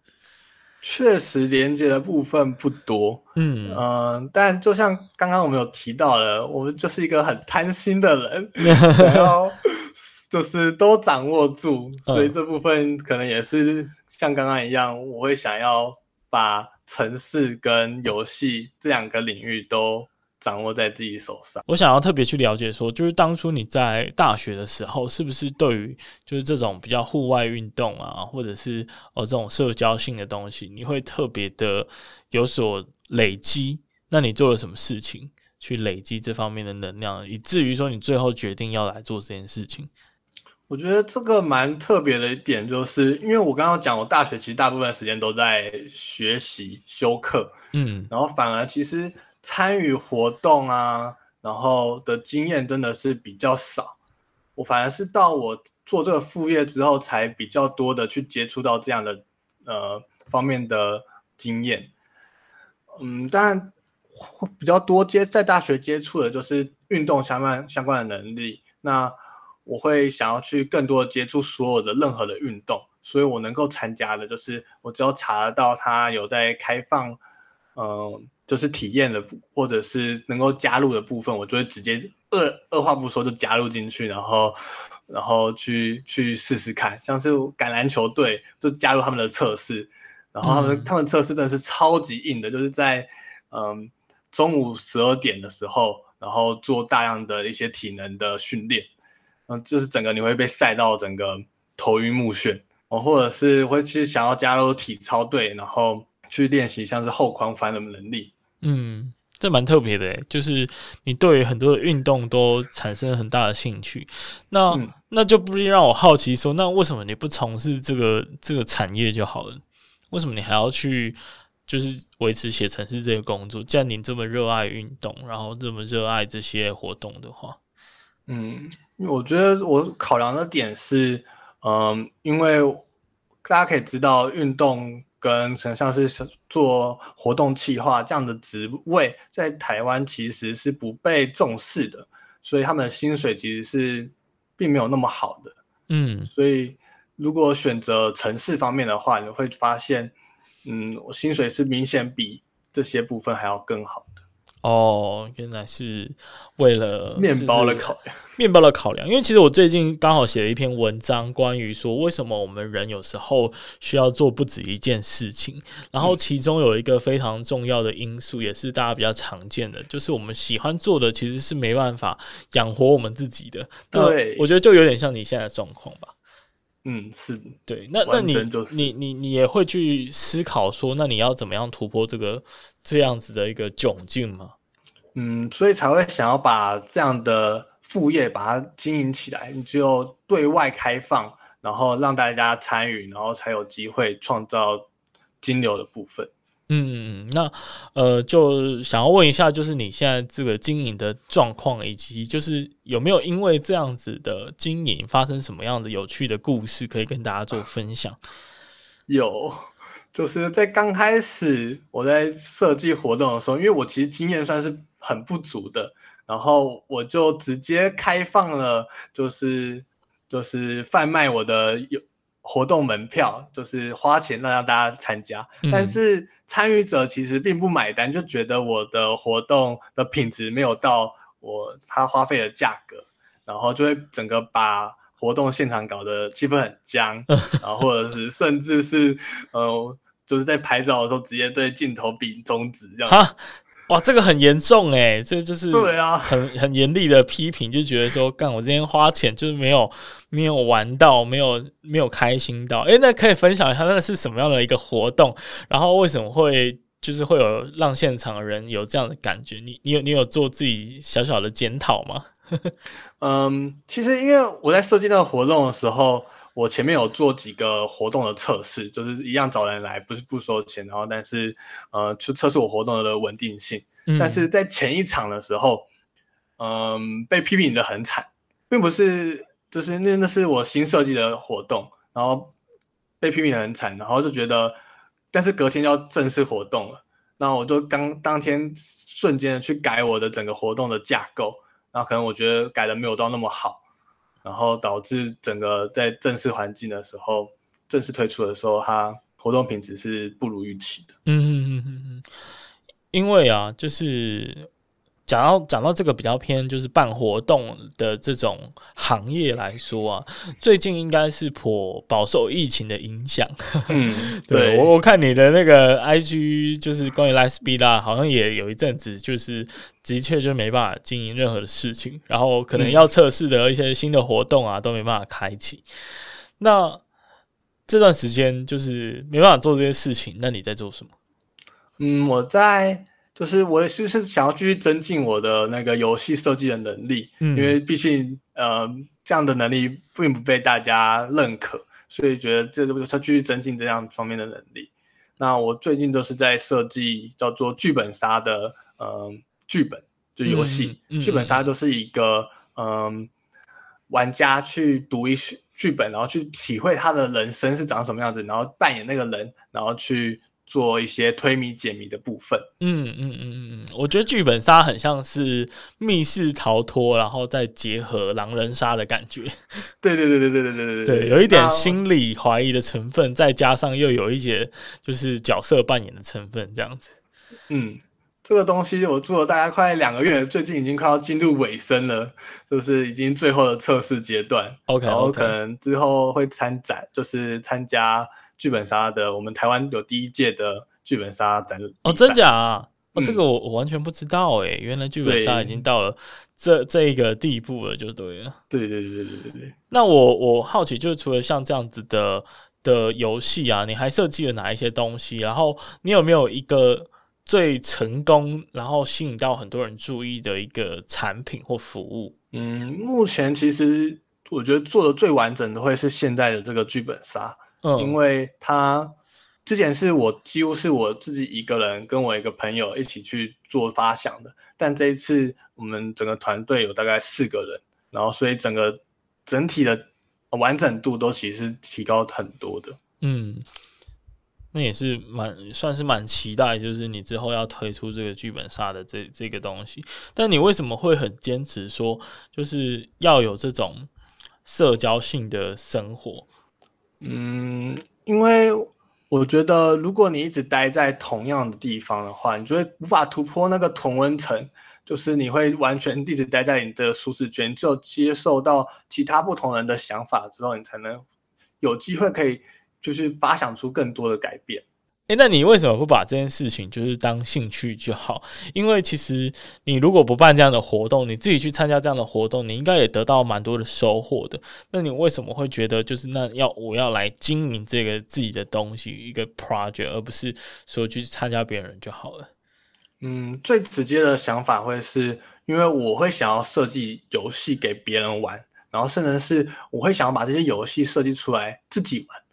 確實連接的部分不多，嗯嗯、呃，但就像剛剛我們有提到了，我們就是一個很貪心的人， (laughs) 然後就是都掌握住，所以這部分可能也是像剛剛一樣，我會想要把程式跟遊戲這兩個領域都。掌握在自己手上。我想要特別去了解說，就是當初你在大學的時候，是不是對於就是這種比較戶外運動啊，或者是哦這種社交性的東西，你會特別的有所累積？那你做了什麼事情去累積這方面的能量，以至於說你最後決定要來做這件事情？我覺得這個蠻特別的一點，就是因為我剛剛講，我大學其實大部分時間都在學習修課，嗯，然後反而其實。參與活動啊，然後的經驗真的是比較少。我反而是到我做這個副業之後，才比較多的去接觸到這樣的呃方面的經驗。嗯，但比較多接在大學接觸的就是運動相關相關的能力。那我會想要去更多接觸所有的任何的運動，所以我能夠參加的就是我只要查得到它有在開放，嗯、呃。就是體驗的，或者是能夠加入的部分，我就會直接二二話不說就加入進去，然後然後去去試試看，像是橄欖球隊就加入他們的測試，然後他們、嗯、他們測試真的是超級硬的，就是在嗯、呃、中午十二點的時候，然後做大量的一些體能的訓練，嗯，就是整個你會被曬到整個頭暈目眩。我或者是會去想要加入體操隊，然後去練習像是後空翻的能力。嗯，這蠻特別的、欸，就是你對很多的運動都產生很大的興趣。那、嗯、那就不禁讓我好奇說，說那為什麼你不從事這個這個產業就好了？為什麼你還要去就是維持寫程式這個工作？既然你這麼熱愛運動，然後這麼熱愛這些活動的話，嗯，我覺得我考量的點是，嗯，因為大家可以知道運動。跟像是做活動企劃這樣的職位，在台灣其實是不被重視的，所以他們的薪水其實是並沒有那麼好的。嗯，所以如果選擇程式方面的話，你會發現，嗯，薪水是明顯比這些部分還要更好的。哦，原來是為了麵包的考量。是是麵包的考量，因為其實我最近剛好寫了一篇文章，關於說為什麼我們人有時候需要做不止一件事情。然後其中有一個非常重要的因素，嗯、也是大家比較常見的，就是我們喜歡做的其實是沒辦法養活我們自己的。對，我覺得就有點像你現在的狀況吧。嗯，是對。那那你、就是、你你你也會去思考說，那你要怎麼樣突破這個這樣子的一個窘境嗎？嗯，所以才會想要把這樣的。副業把它經營起來，你只有對外開放，然後讓大家參與，然後才有機會創造金流的部分。嗯，那呃，就想要問一下，就是你現在這個經營的狀況，以及就是有沒有因為這樣子的經營發生什麼樣的有趣的故事，可以跟大家做分享？有，就是在剛開始我在設計活動的時候，因為我其實經驗算是很不足的。然後我就直接開放了，就是就是販賣我的有活動門票，嗯，就是花錢讓讓大家參加，嗯。但是參與者其實並不買單，就覺得我的活動的品質沒有到我他花費的價格，然後就會整個把活動現場搞得氣氛很僵， (laughs) 然後或者是甚至是呃，就是在拍照的時候直接對鏡頭比中指這樣子。哇，這個很嚴重誒，這就是對啊，很很嚴厲的批評，就覺得說，幹，我今天花錢就是沒有沒有玩到，沒有沒有開心到。誒，那可以分享一下，那是什麼樣的一個活動？然後為什麼會就是會有讓現場的人有這樣的感覺？你你有你有做自己小小的檢討嗎？ (laughs) 嗯，其實因為我在設計那個活動的時候，我前面有做幾個活動的測試，就是一樣找人來，不是不收錢，然後但是呃，去測試我活動的穩定性，嗯。但是在前一場的時候，嗯，呃，被批評的很慘，並不是，就是那那是我新設計的活動，然後被批評很慘，然後就覺得，但是隔天就要正式活動了，那我就當當天瞬間的去改我的整個活動的架構，然後可能我覺得改的沒有到那麼好。然後導致整個在正式環境的時候，正式推出的時候，它活動品質是不如預期的。嗯嗯嗯嗯嗯，因為啊，就是。講到講到這個比較偏就是辦活動的這種行業來說啊，最近應該是頗飽受疫情的影響，嗯。 (laughs) 對我我看你的那個 IG 就是關於 Life Speed，啊，好像也有一陣子就是的確就沒辦法經營任何的事情，然後可能要測試的一些新的活動啊都沒辦法開啟。那這段時間就是沒辦法做這些事情，那你在做什麼？嗯，我在。就是我就是想要繼續增進我的那個遊戲設計的能力，嗯、因為畢竟呃這樣的能力並不被大家認可，所以覺得這就是他繼續增進這樣方面的能力。那我最近都是在設計叫做劇本殺的呃劇本，就遊戲劇本殺就是一個嗯、呃、玩家去讀一些劇本，然後去體會他的人生是長什麼樣子，然後扮演那個人，然後去。做一些推理解謎的部分。嗯嗯嗯嗯嗯，我覺得劇本殺很像是密室逃脫，然後再結合狼人殺的感覺。 (laughs) 對對對對對對對對，對，對有一點心理懷疑的成分，再加上又有一些就是角色扮演的成分，這樣子。嗯，這個東西我做了大概快兩個月，最近已經快要進入尾聲了，就是已經最後的測試階段。OK，然後可能之後會參展，就是參加。劇本殺的，我們台灣有第一屆的劇本殺展哦，真假啊？哦，這個我我完全不知道哎、欸嗯，原來劇本殺已經到了這這一個地步了，就對了。對對對對對對對。那我我好奇，就是除了像這樣子的的遊戲啊，你還設計了哪一些東西？然後你有沒有一個最成功，然後吸引到很多人注意的一個產品或服務？嗯，目前其實我覺得做的最完整的會是現在的這個劇本殺。嗯，因為他之前是我幾乎是我自己一個人跟我一個朋友一起去做發想的，但這一次我們整個團隊有大概四個人，然後所以整個整體的完整度都其實提高很多的。嗯，那也是蠻，算是蠻期待，就是你之後要推出這個劇本殺的這這個東西。但你為什麼會很堅持說，就是要有這種社交性的生活？嗯，因為我覺得，如果你一直待在同樣的地方的話，你就會無法突破那個同溫層，就是你會完全一直待在你的舒適圈，就接受到其他不同人的想法之後，你才能有機會可以就是發想出更多的改變。誒、欸，那你為什麼不把這件事情就是當興趣就好？因為其實你如果不辦這樣的活動，你自己去參加這樣的活動，你應該也得到蠻多的收穫的。那你為什麼會覺得就是那要我要來經營這個自己的東西一個 project，而不是說去參加別人就好了？嗯，最直接的想法會是因為我會想要設計遊戲給別人玩，然後甚至是我會想要把這些遊戲設計出來自己玩。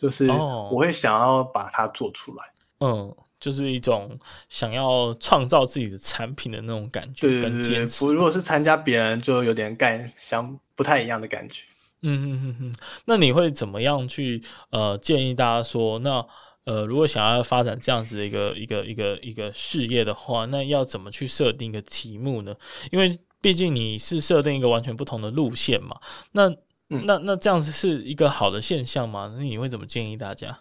就是，我會想要把它做出來，哦、嗯，就是一種想要創造自己的產品的那種感覺跟，跟堅持。如果是參加別人，就有點干，想不太一樣的感覺。嗯嗯嗯嗯。那你會怎麼樣去呃建議大家說，那呃如果想要發展這樣子的一個一個一個一個事業的話，那要怎麼去設定一個題目呢？因為畢竟你是設定一個完全不同的路線嘛，那。那那這樣子是一個好的現象嗎？那你會怎麼建議大家？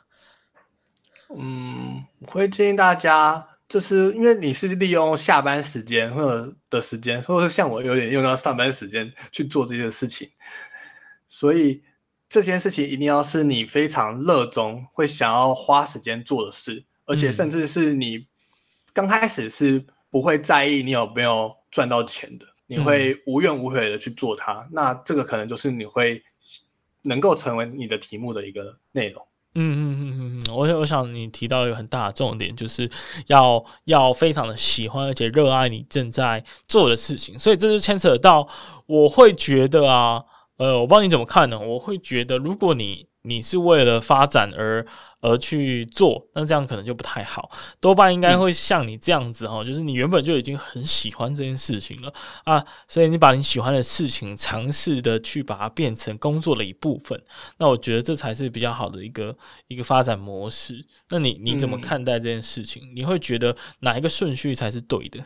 嗯，我會建議大家，就是因為你是利用下班時間或者的時間，或者是像我有點用到上班時間去做這件事情，所以這件事情一定要是你非常熱衷、會想要花時間做的事，而且甚至是你剛開始是不會在意你有沒有賺到錢的。你會無怨無悔的去做它。嗯、那這個可能就是你會能夠成為你的題目的一個內容。嗯嗯嗯嗯，我我想你提到一個很大的重點，就是要要非常的喜歡，而且熱愛你正在做的事情，所以這就牽扯到，我會覺得啊，呃，我不知道你怎麼看呢？我會覺得如果你。你是為了發展而而去做，那這樣可能就不太好。多半應該會像你這樣子哈、嗯，就是你原本就已經很喜歡這件事情了啊，所以你把你喜歡的事情嘗試的去把它變成工作的一部分。那我覺得這才是比較好的一個一個發展模式。那你你怎麼看待這件事情？嗯、你會覺得哪一個順序才是對的？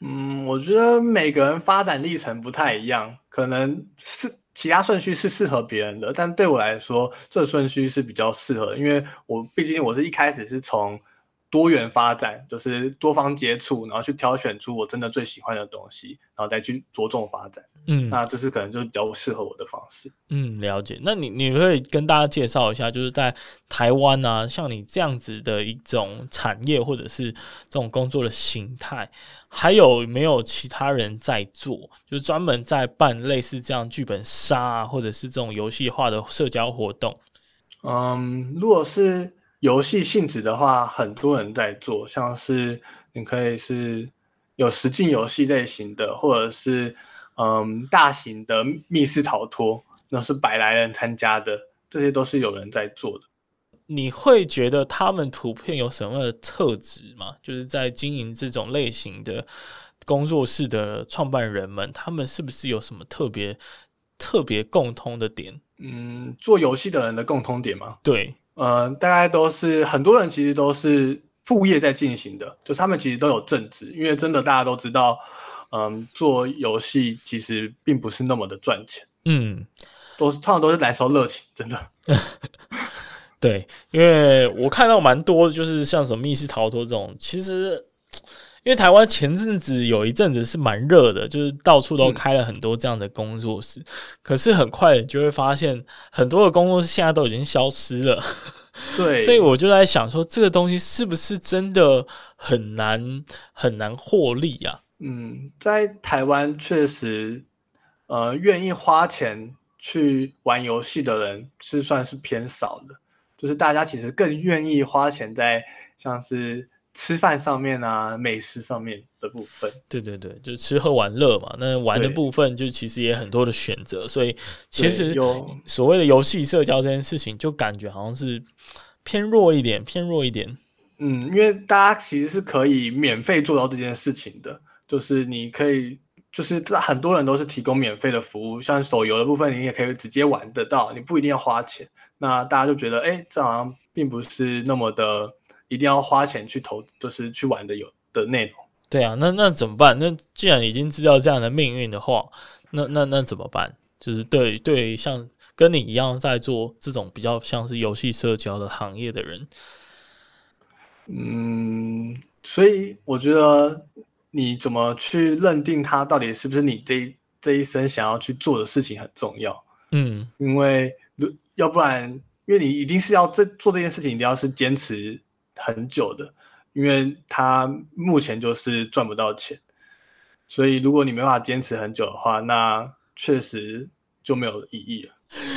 嗯，我覺得每個人發展歷程不太一樣，可能是。其他順序是適合別人的，但對我來說，這順序是比較適合的，因為我畢竟我是一開始是從多元發展，就是多方接觸，然後去挑選出我真的最喜歡的東西，然後再去着重發展。嗯，那這是可能就比較適合我的方式。嗯，了解。那你你可以跟大家介紹一下，就是在台灣呢、啊，像你這樣子的一種產業，或者是這種工作的形態，還有沒有其他人在做？就是專門在辦類似這樣劇本殺、啊，或者是這種遊戲化的社交活動？嗯，如果是遊戲性質的話，很多人在做，像是你可以是有實境遊戲類型的，或者是。嗯，大型的密室逃脫，那是百來人參加的，這些都是有人在做的。你會覺得他們普遍有什麼特質嗎？就是在經營這種類型的工作室的創辦人們，他們是不是有什麼特別特別共通的點？嗯，做遊戲的人的共通點嗎？對，嗯，大概都是很多人其實都是副業在進行的，就是他們其實都有正職，因為真的大家都知道。嗯，做遊戲其實並不是那麼的賺錢。嗯，通常都是他都是燃燒熱情，真的。 (laughs) 對，因為我看到蠻多的，就是像什麼密室逃脫這種，其實因為台灣前陣子有一陣子是蠻熱的，就是到處都開了很多這樣的工作室，嗯、可是很快就會發現很多的工作室現在都已經消失了。對，所以我就在想說這個東西是不是真的很難很難獲利啊？嗯，在台灣確實，呃，願意花錢去玩遊戲的人是算是偏少的。就是大家其實更願意花錢在像是吃飯上面啊、美食上面的部分。對對對，就吃喝玩樂嘛。那玩的部分就其實也很多的選擇，所以其實所謂的遊戲社交這件事情，就感覺好像是偏弱一點，偏弱一點。嗯，因為大家其實是可以免費做到這件事情的。就是你可以，就是很多人都是提供免費的服務，像手遊的部分，你也可以直接玩得到，你不一定要花錢。那大家就覺得，哎、欸，這好像並不是那麼的一定要花錢去投，就是去玩的有的內容。對啊，那那怎麼辦？那既然已經知道這樣的命運的話，那那那怎麼辦？就是對對，像跟你一樣在做這種比較像是遊戲社交的行業的人，嗯，所以我覺得。你怎麼去認定他到底是不是你這這一生想要去做的事情很重要，嗯，因為如要不然，因為你一定是要這做這件事情，一定要是堅持很久的，因為他目前就是賺不到錢，所以如果你沒辦法堅持很久的話，那確實就沒有意義了。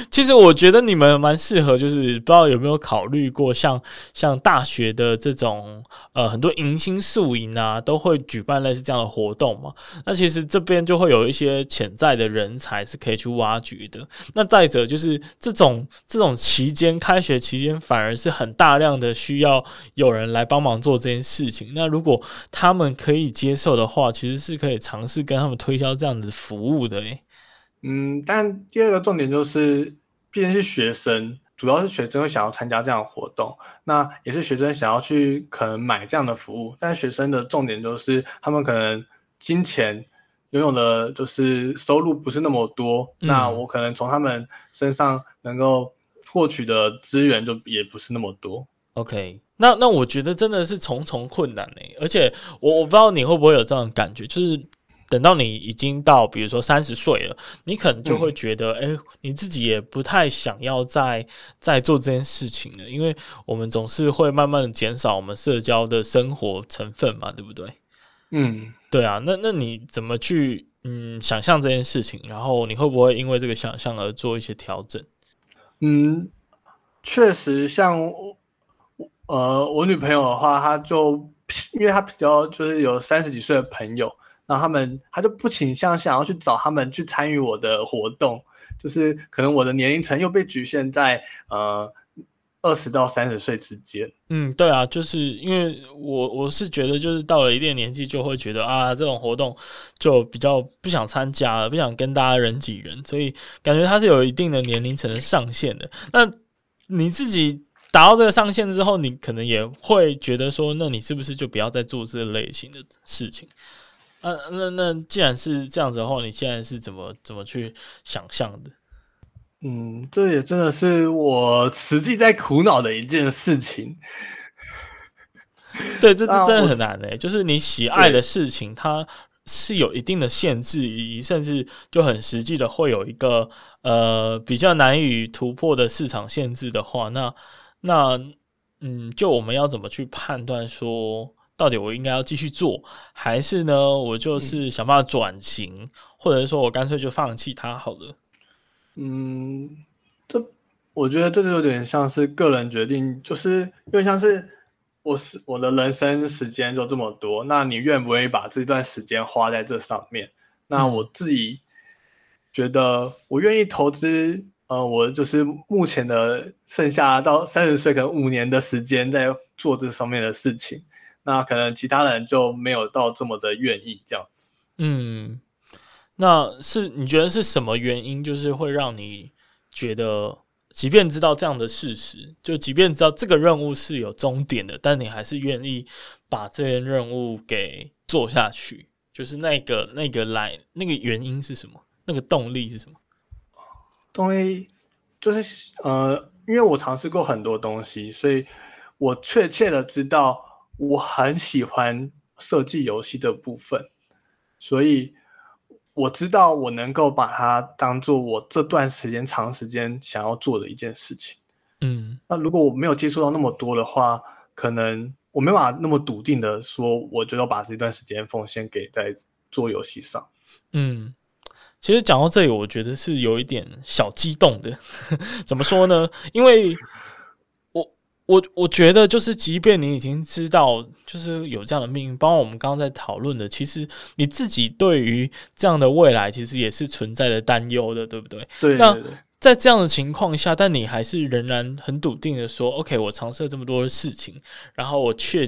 其實我覺得你們蠻適合，就是不知道有沒有考慮過像，像像大學的這種呃，很多迎新宿營啊，都會舉辦類似這樣的活動嘛。那其實這邊就會有一些潛在的人才是可以去挖掘的。那再者就是這種這種期間，開學期間反而是很大量的需要有人來幫忙做這件事情。那如果他們可以接受的話，其實是可以嘗試跟他們推銷這樣的服務的。誒嗯，但第二個重點就是，畢竟是學生，主要是學生會想要參加這樣的活動，那也是學生想要去可能買這樣的服務。但學生的重點就是，他們可能金錢擁有的就是收入不是那麼多，嗯、那我可能從他們身上能夠獲取的資源就也不是那麼多。OK，那那我覺得真的是重重困難呢、欸，而且我我不知道你會不會有這樣的感覺，就是。等到你已經到，比如說三十歲了，你可能就會覺得，哎、嗯欸，你自己也不太想要再再做這件事情了，因為我們總是會慢慢的減少我們社交的生活成分嘛，對不對？嗯，對啊。那那你怎麼去嗯想象這件事情？然後你會不會因為這個想象而做一些調整？嗯，確實像，像呃，我女朋友的話，她就因為她比較就是有三十幾歲的朋友。那他們，他就不傾向想要去找他們去參與我的活動，就是可能我的年齡層又被局限在呃二十到三十歲之間。嗯，對啊，就是因為我我是覺得，就是到了一定的年紀，就會覺得啊，這種活動就比較不想參加了，不想跟大家人擠人，所以感覺它是有一定的年齡層的上限的。那你自己達到這個上限之後，你可能也會覺得說，那你是不是就不要再做這類型的事情？那、啊、那那，那既然是這樣子的話，你現在是怎麼怎麼去想象的？嗯，這也真的是我實際在苦惱的一件事情。 (laughs) 對，這、啊、這真的很難誒、欸，就是你喜愛的事情，它是有一定的限制，以及甚至就很實際的會有一個呃比較難以突破的市場限制的話，那那嗯，就我們要怎麼去判斷說？到底我應該要繼續做，還是呢？我就是想辦法轉型，嗯，或者是說我乾脆就放棄它好了。嗯，這我覺得這就有點像是個人決定，就是因為像是我是我的人生時間就這麼多，那你願不願意把這段時間花在這上面？嗯，那我自己覺得我願意投資，呃，我就是目前的剩下到三十歲可能五年的時間，在做這上面的事情。那可能其他人就沒有到這麼的願意這樣子。嗯，那是你覺得是什麼原因？就是會讓你覺得，即便知道這樣的事實，就即便知道這個任務是有終點的，但你還是願意把這些任務給做下去。就是那個那個來那個原因是什麼？那個動力是什麼？動力就是呃，因為我嘗試過很多東西，所以我確切的知道，我很喜歡設計遊戲的部分，所以我知道我能夠把它當做我這段時間長時間想要做的一件事情。嗯，那如果我沒有接觸到那麼多的話，可能我沒辦法那麼篤定的說，我就要把這段時間奉獻給在做遊戲上。嗯，其實講到這裡，我覺得是有一點小激動的。 (laughs) 怎麼說呢？ (laughs) 因為我我覺得就是，即便你已經知道就是有這樣的命運，包括我們剛剛在討論的，其實你自己對於這樣的未來，其實也是存在著擔憂的，對不對？對，對，對。那在這樣的情況下，但你還是仍然很篤定的說：“OK，我嘗試了這麼多的事情，然後我確”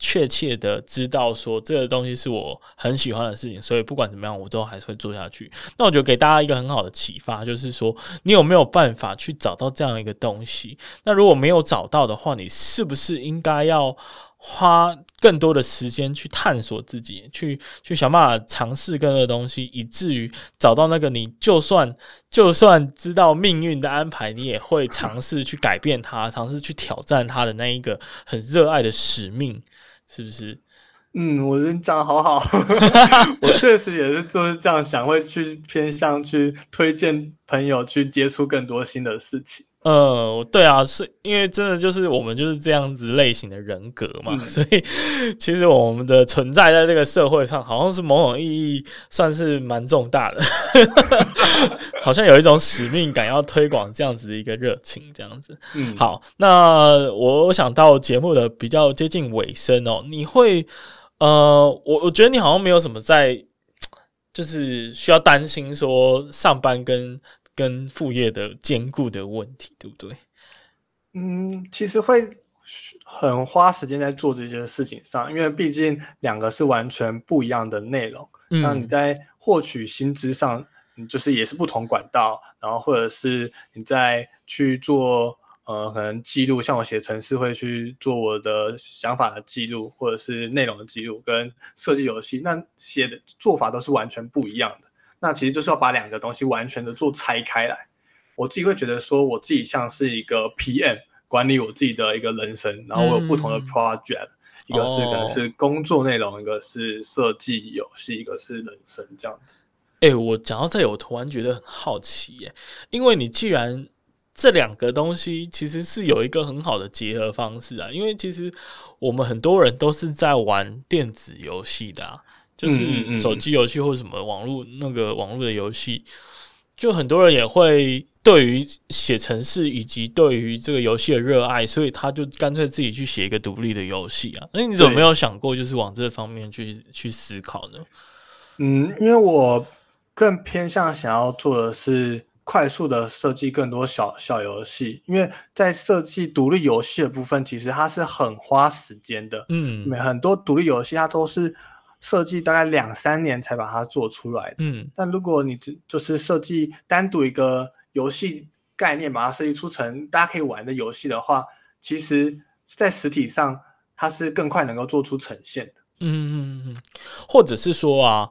確切的知道說這個東西是我很喜歡的事情，所以不管怎麼樣，我都還還是會做下去。那我覺得給大家一個很好的啟發，就是說你有沒有辦法去找到這樣一個東西？那如果沒有找到的話，你是不是應該要花更多的時間去探索自己，去去想辦法嘗試更多的東西，以至於找到那個你就算就算知道命運的安排，你也會嘗試去改變它，嘗試去挑戰它的那一個很熱愛的使命。是不是？嗯，我覺得你講得好好， (laughs) 我確實也是就是這樣想，會去偏向去推薦朋友去接觸更多新的事情。呃、嗯，對啊，所以因為真的就是我們就是這樣子類型的人格嘛，嗯、所以其實我們的存在在這個社會上，好像是某種意義算是蠻重大的， (laughs) 好像有一種使命感，要推廣這樣子的一個熱情，這樣子。嗯，好，那我我想到節目的比較接近尾聲哦，你會呃，我我覺得你好像沒有什麼在，就是需要擔心說上班跟。跟副業的兼顧的問題，對不對？嗯，其實會很花時間在做這件事情上，因為畢竟兩個是完全不一樣的內容。嗯，那你在獲取薪資上，就是也是不同管道。然後，或者是你在去做呃，可能記錄，像我寫程式會去做我的想法的記錄，或者是內容的記錄，跟設計遊戲，那寫的做法都是完全不一樣的。那其實就是要把兩個東西完全的做拆開來。我自己會覺得說，我自己像是一個 PM，管理我自己的一個人生，然後我有不同的 project、嗯、一個是、哦、可能是工作內容，一個是設計遊戲，一個是人生這樣子。誒、欸，我講到這裡，我突然覺得很好奇耶、欸，因為你既然這兩個東西其實是有一個很好的結合方式啊，因為其實我們很多人都是在玩電子遊戲的啊。就是手機遊戲或什麼網絡那個網絡的遊戲、嗯嗯，就很多人也會對於寫程式，以及對於這個遊戲的熱愛，所以他就乾脆自己去寫一個獨立的遊戲啊。那你怎麼沒有想過就是往這方面去去思考呢？嗯，因為我更偏向想要做的是快速的設計更多小小遊戲，因為在設計獨立遊戲的部分，其實它是很花時間的。嗯，很多獨立遊戲它都是。設計大概兩三年才把它做出來的。嗯，但如果你就就是設計單獨一個遊戲概念，把它設計出成大家可以玩的遊戲的話，其實在實體上它是更快能夠做出呈現。嗯嗯嗯嗯，或者是說啊。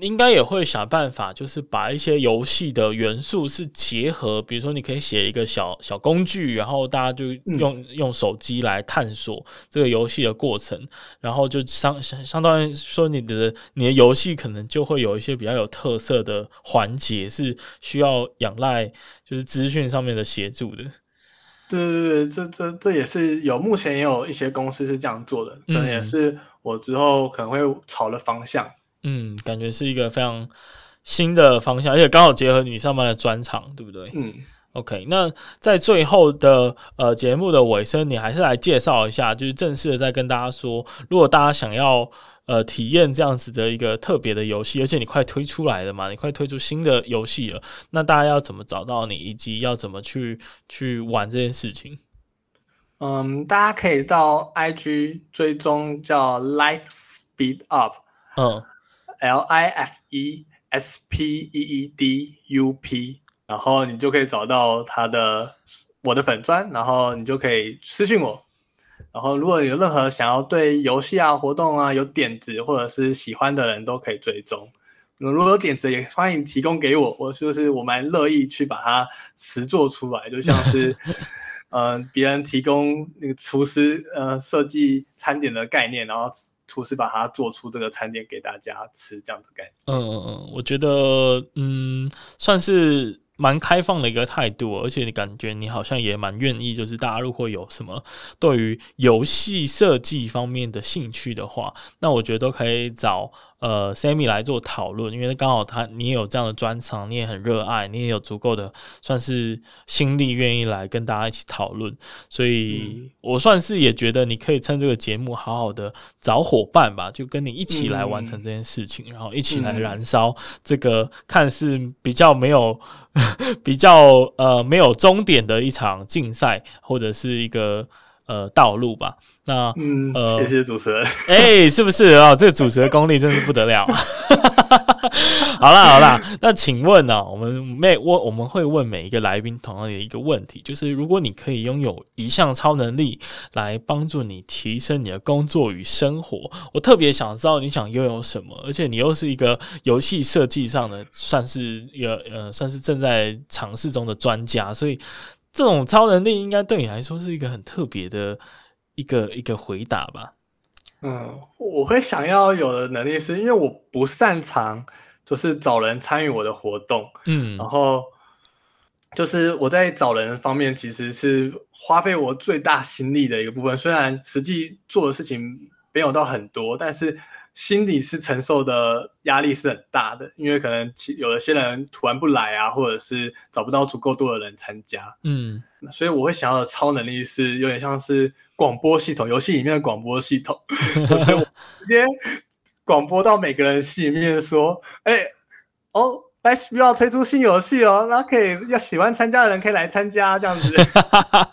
應該也會想辦法，就是把一些遊戲的元素是結合，比如說你可以寫一個小小工具，然後大家就用、嗯、用手機來探索這個遊戲的過程，然後就相相當於說你的你的遊戲可能就會有一些比較有特色的環節是需要仰賴就是資訊上面的協助的。對對對對，這這這也是有目前也有一些公司是這樣做的，可能也是我之後可能會朝的方向。嗯，感覺是一個非常新的方向，而且剛好結合你上班的專長，對不對？嗯，OK。那在最後的呃節目的尾聲，你還是來介紹一下，就是正式的再跟大家說，如果大家想要呃體驗這樣子的一個特別的遊戲，而且你快推出來了嘛，你快推出新的遊戲了，那大家要怎麼找到你，以及要怎麼去去玩這件事情？嗯，大家可以到 IG 追蹤叫 Life Speed Up，嗯。L I F E S P E E D U P，然後你就可以找到他的我的粉專，然後你就可以私信我。然後如果有任何想要對遊戲啊、活動啊有點子，或者是喜歡的人都可以追蹤。如果有點子，也歡迎提供給我，我就是我蠻樂意去把它實做出來，就像是嗯別、 (laughs) 呃、人提供那個廚師呃設計餐點的概念，然後。廚師把它做出這個餐點給大家吃，這樣子感覺。嗯嗯嗯，我覺得嗯算是蠻開放的一個態度，而且你感覺你好像也蠻願意，就是大家如果有什麼對於遊戲設計方面的興趣的話，那我覺得都可以找。呃，Sammy 來做討論，因為剛好他你也有這樣的專長，你也很熱愛，你也有足夠的算是心力，願意來跟大家一起討論，所以我算是也覺得你可以趁這個節目好好的找伙伴吧，就跟你一起來完成這件事情，嗯、然後一起來燃燒這個看似比較沒有 (laughs) 比較呃沒有終點的一場競賽或者是一個。呃，道路吧，那、嗯、呃，謝謝主持人，哎、欸，是不是哦？這個主持的功力真是不得了，啊！ (laughs) 好啦，好啦，那請問呢，哦？我們每我我們會問每一個來賓同樣的一個問題，就是如果你可以擁有一項超能力來幫助你提升你的工作與生活，我特別想知道你想擁有什麼，而且你又是一個遊戲設計上的算是一個呃，算是正在嘗試中的專家，所以。這種超能力應該對你來說是一個很特別的一個一個回答吧？嗯，我會想要有的能力是，是因為我不擅長就是找人參與我的活動，嗯，然後就是我在找人方面其實是花費我最大心力的一個部分，雖然實際做的事情沒有到很多，但是。心理是承受的壓力是很大的，因為可能其有一些人突然不來啊，或者是找不到足夠多的人參加，嗯，所以我會想要的超能力是有點像是廣播系統，遊戲裡面的廣播系統， (laughs) 就所以我直接廣播到每個人戲裡面說，哎、 (laughs) 欸，哦，HBO 要推出新遊戲哦，那可以要喜歡參加的人可以來參加這樣子，哈哈哈，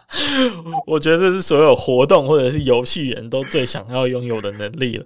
我覺得這是所有活動或者是遊戲人都最想要擁有的能力了。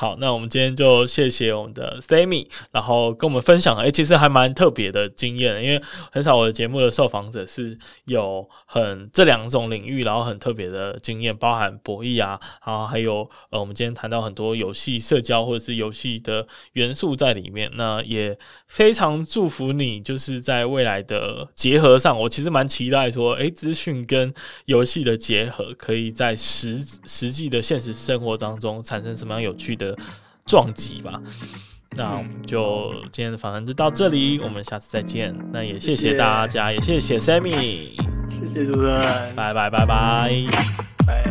好，那我們今天就謝謝我們的 Sammy，然後跟我們分享。哎、欸，其實還蠻特別的經驗，因為很少我的節目的受訪者是有很這兩種領域，然後很特別的經驗，包含博弈啊，然後還有呃，我們今天談到很多遊戲、社交或者是遊戲的元素在裡面。那也非常祝福你，就是在未來的結合上，我其實蠻期待說，哎、欸，資訊跟遊戲的結合，可以在實實際的現實生活當中產生什麼樣有趣的。撞擊吧，那我們就今天的訪談就到這裡，我們下次再見。那也謝謝大家，謝謝也謝謝 Sammy，謝謝主持人，拜拜拜拜拜。拜拜。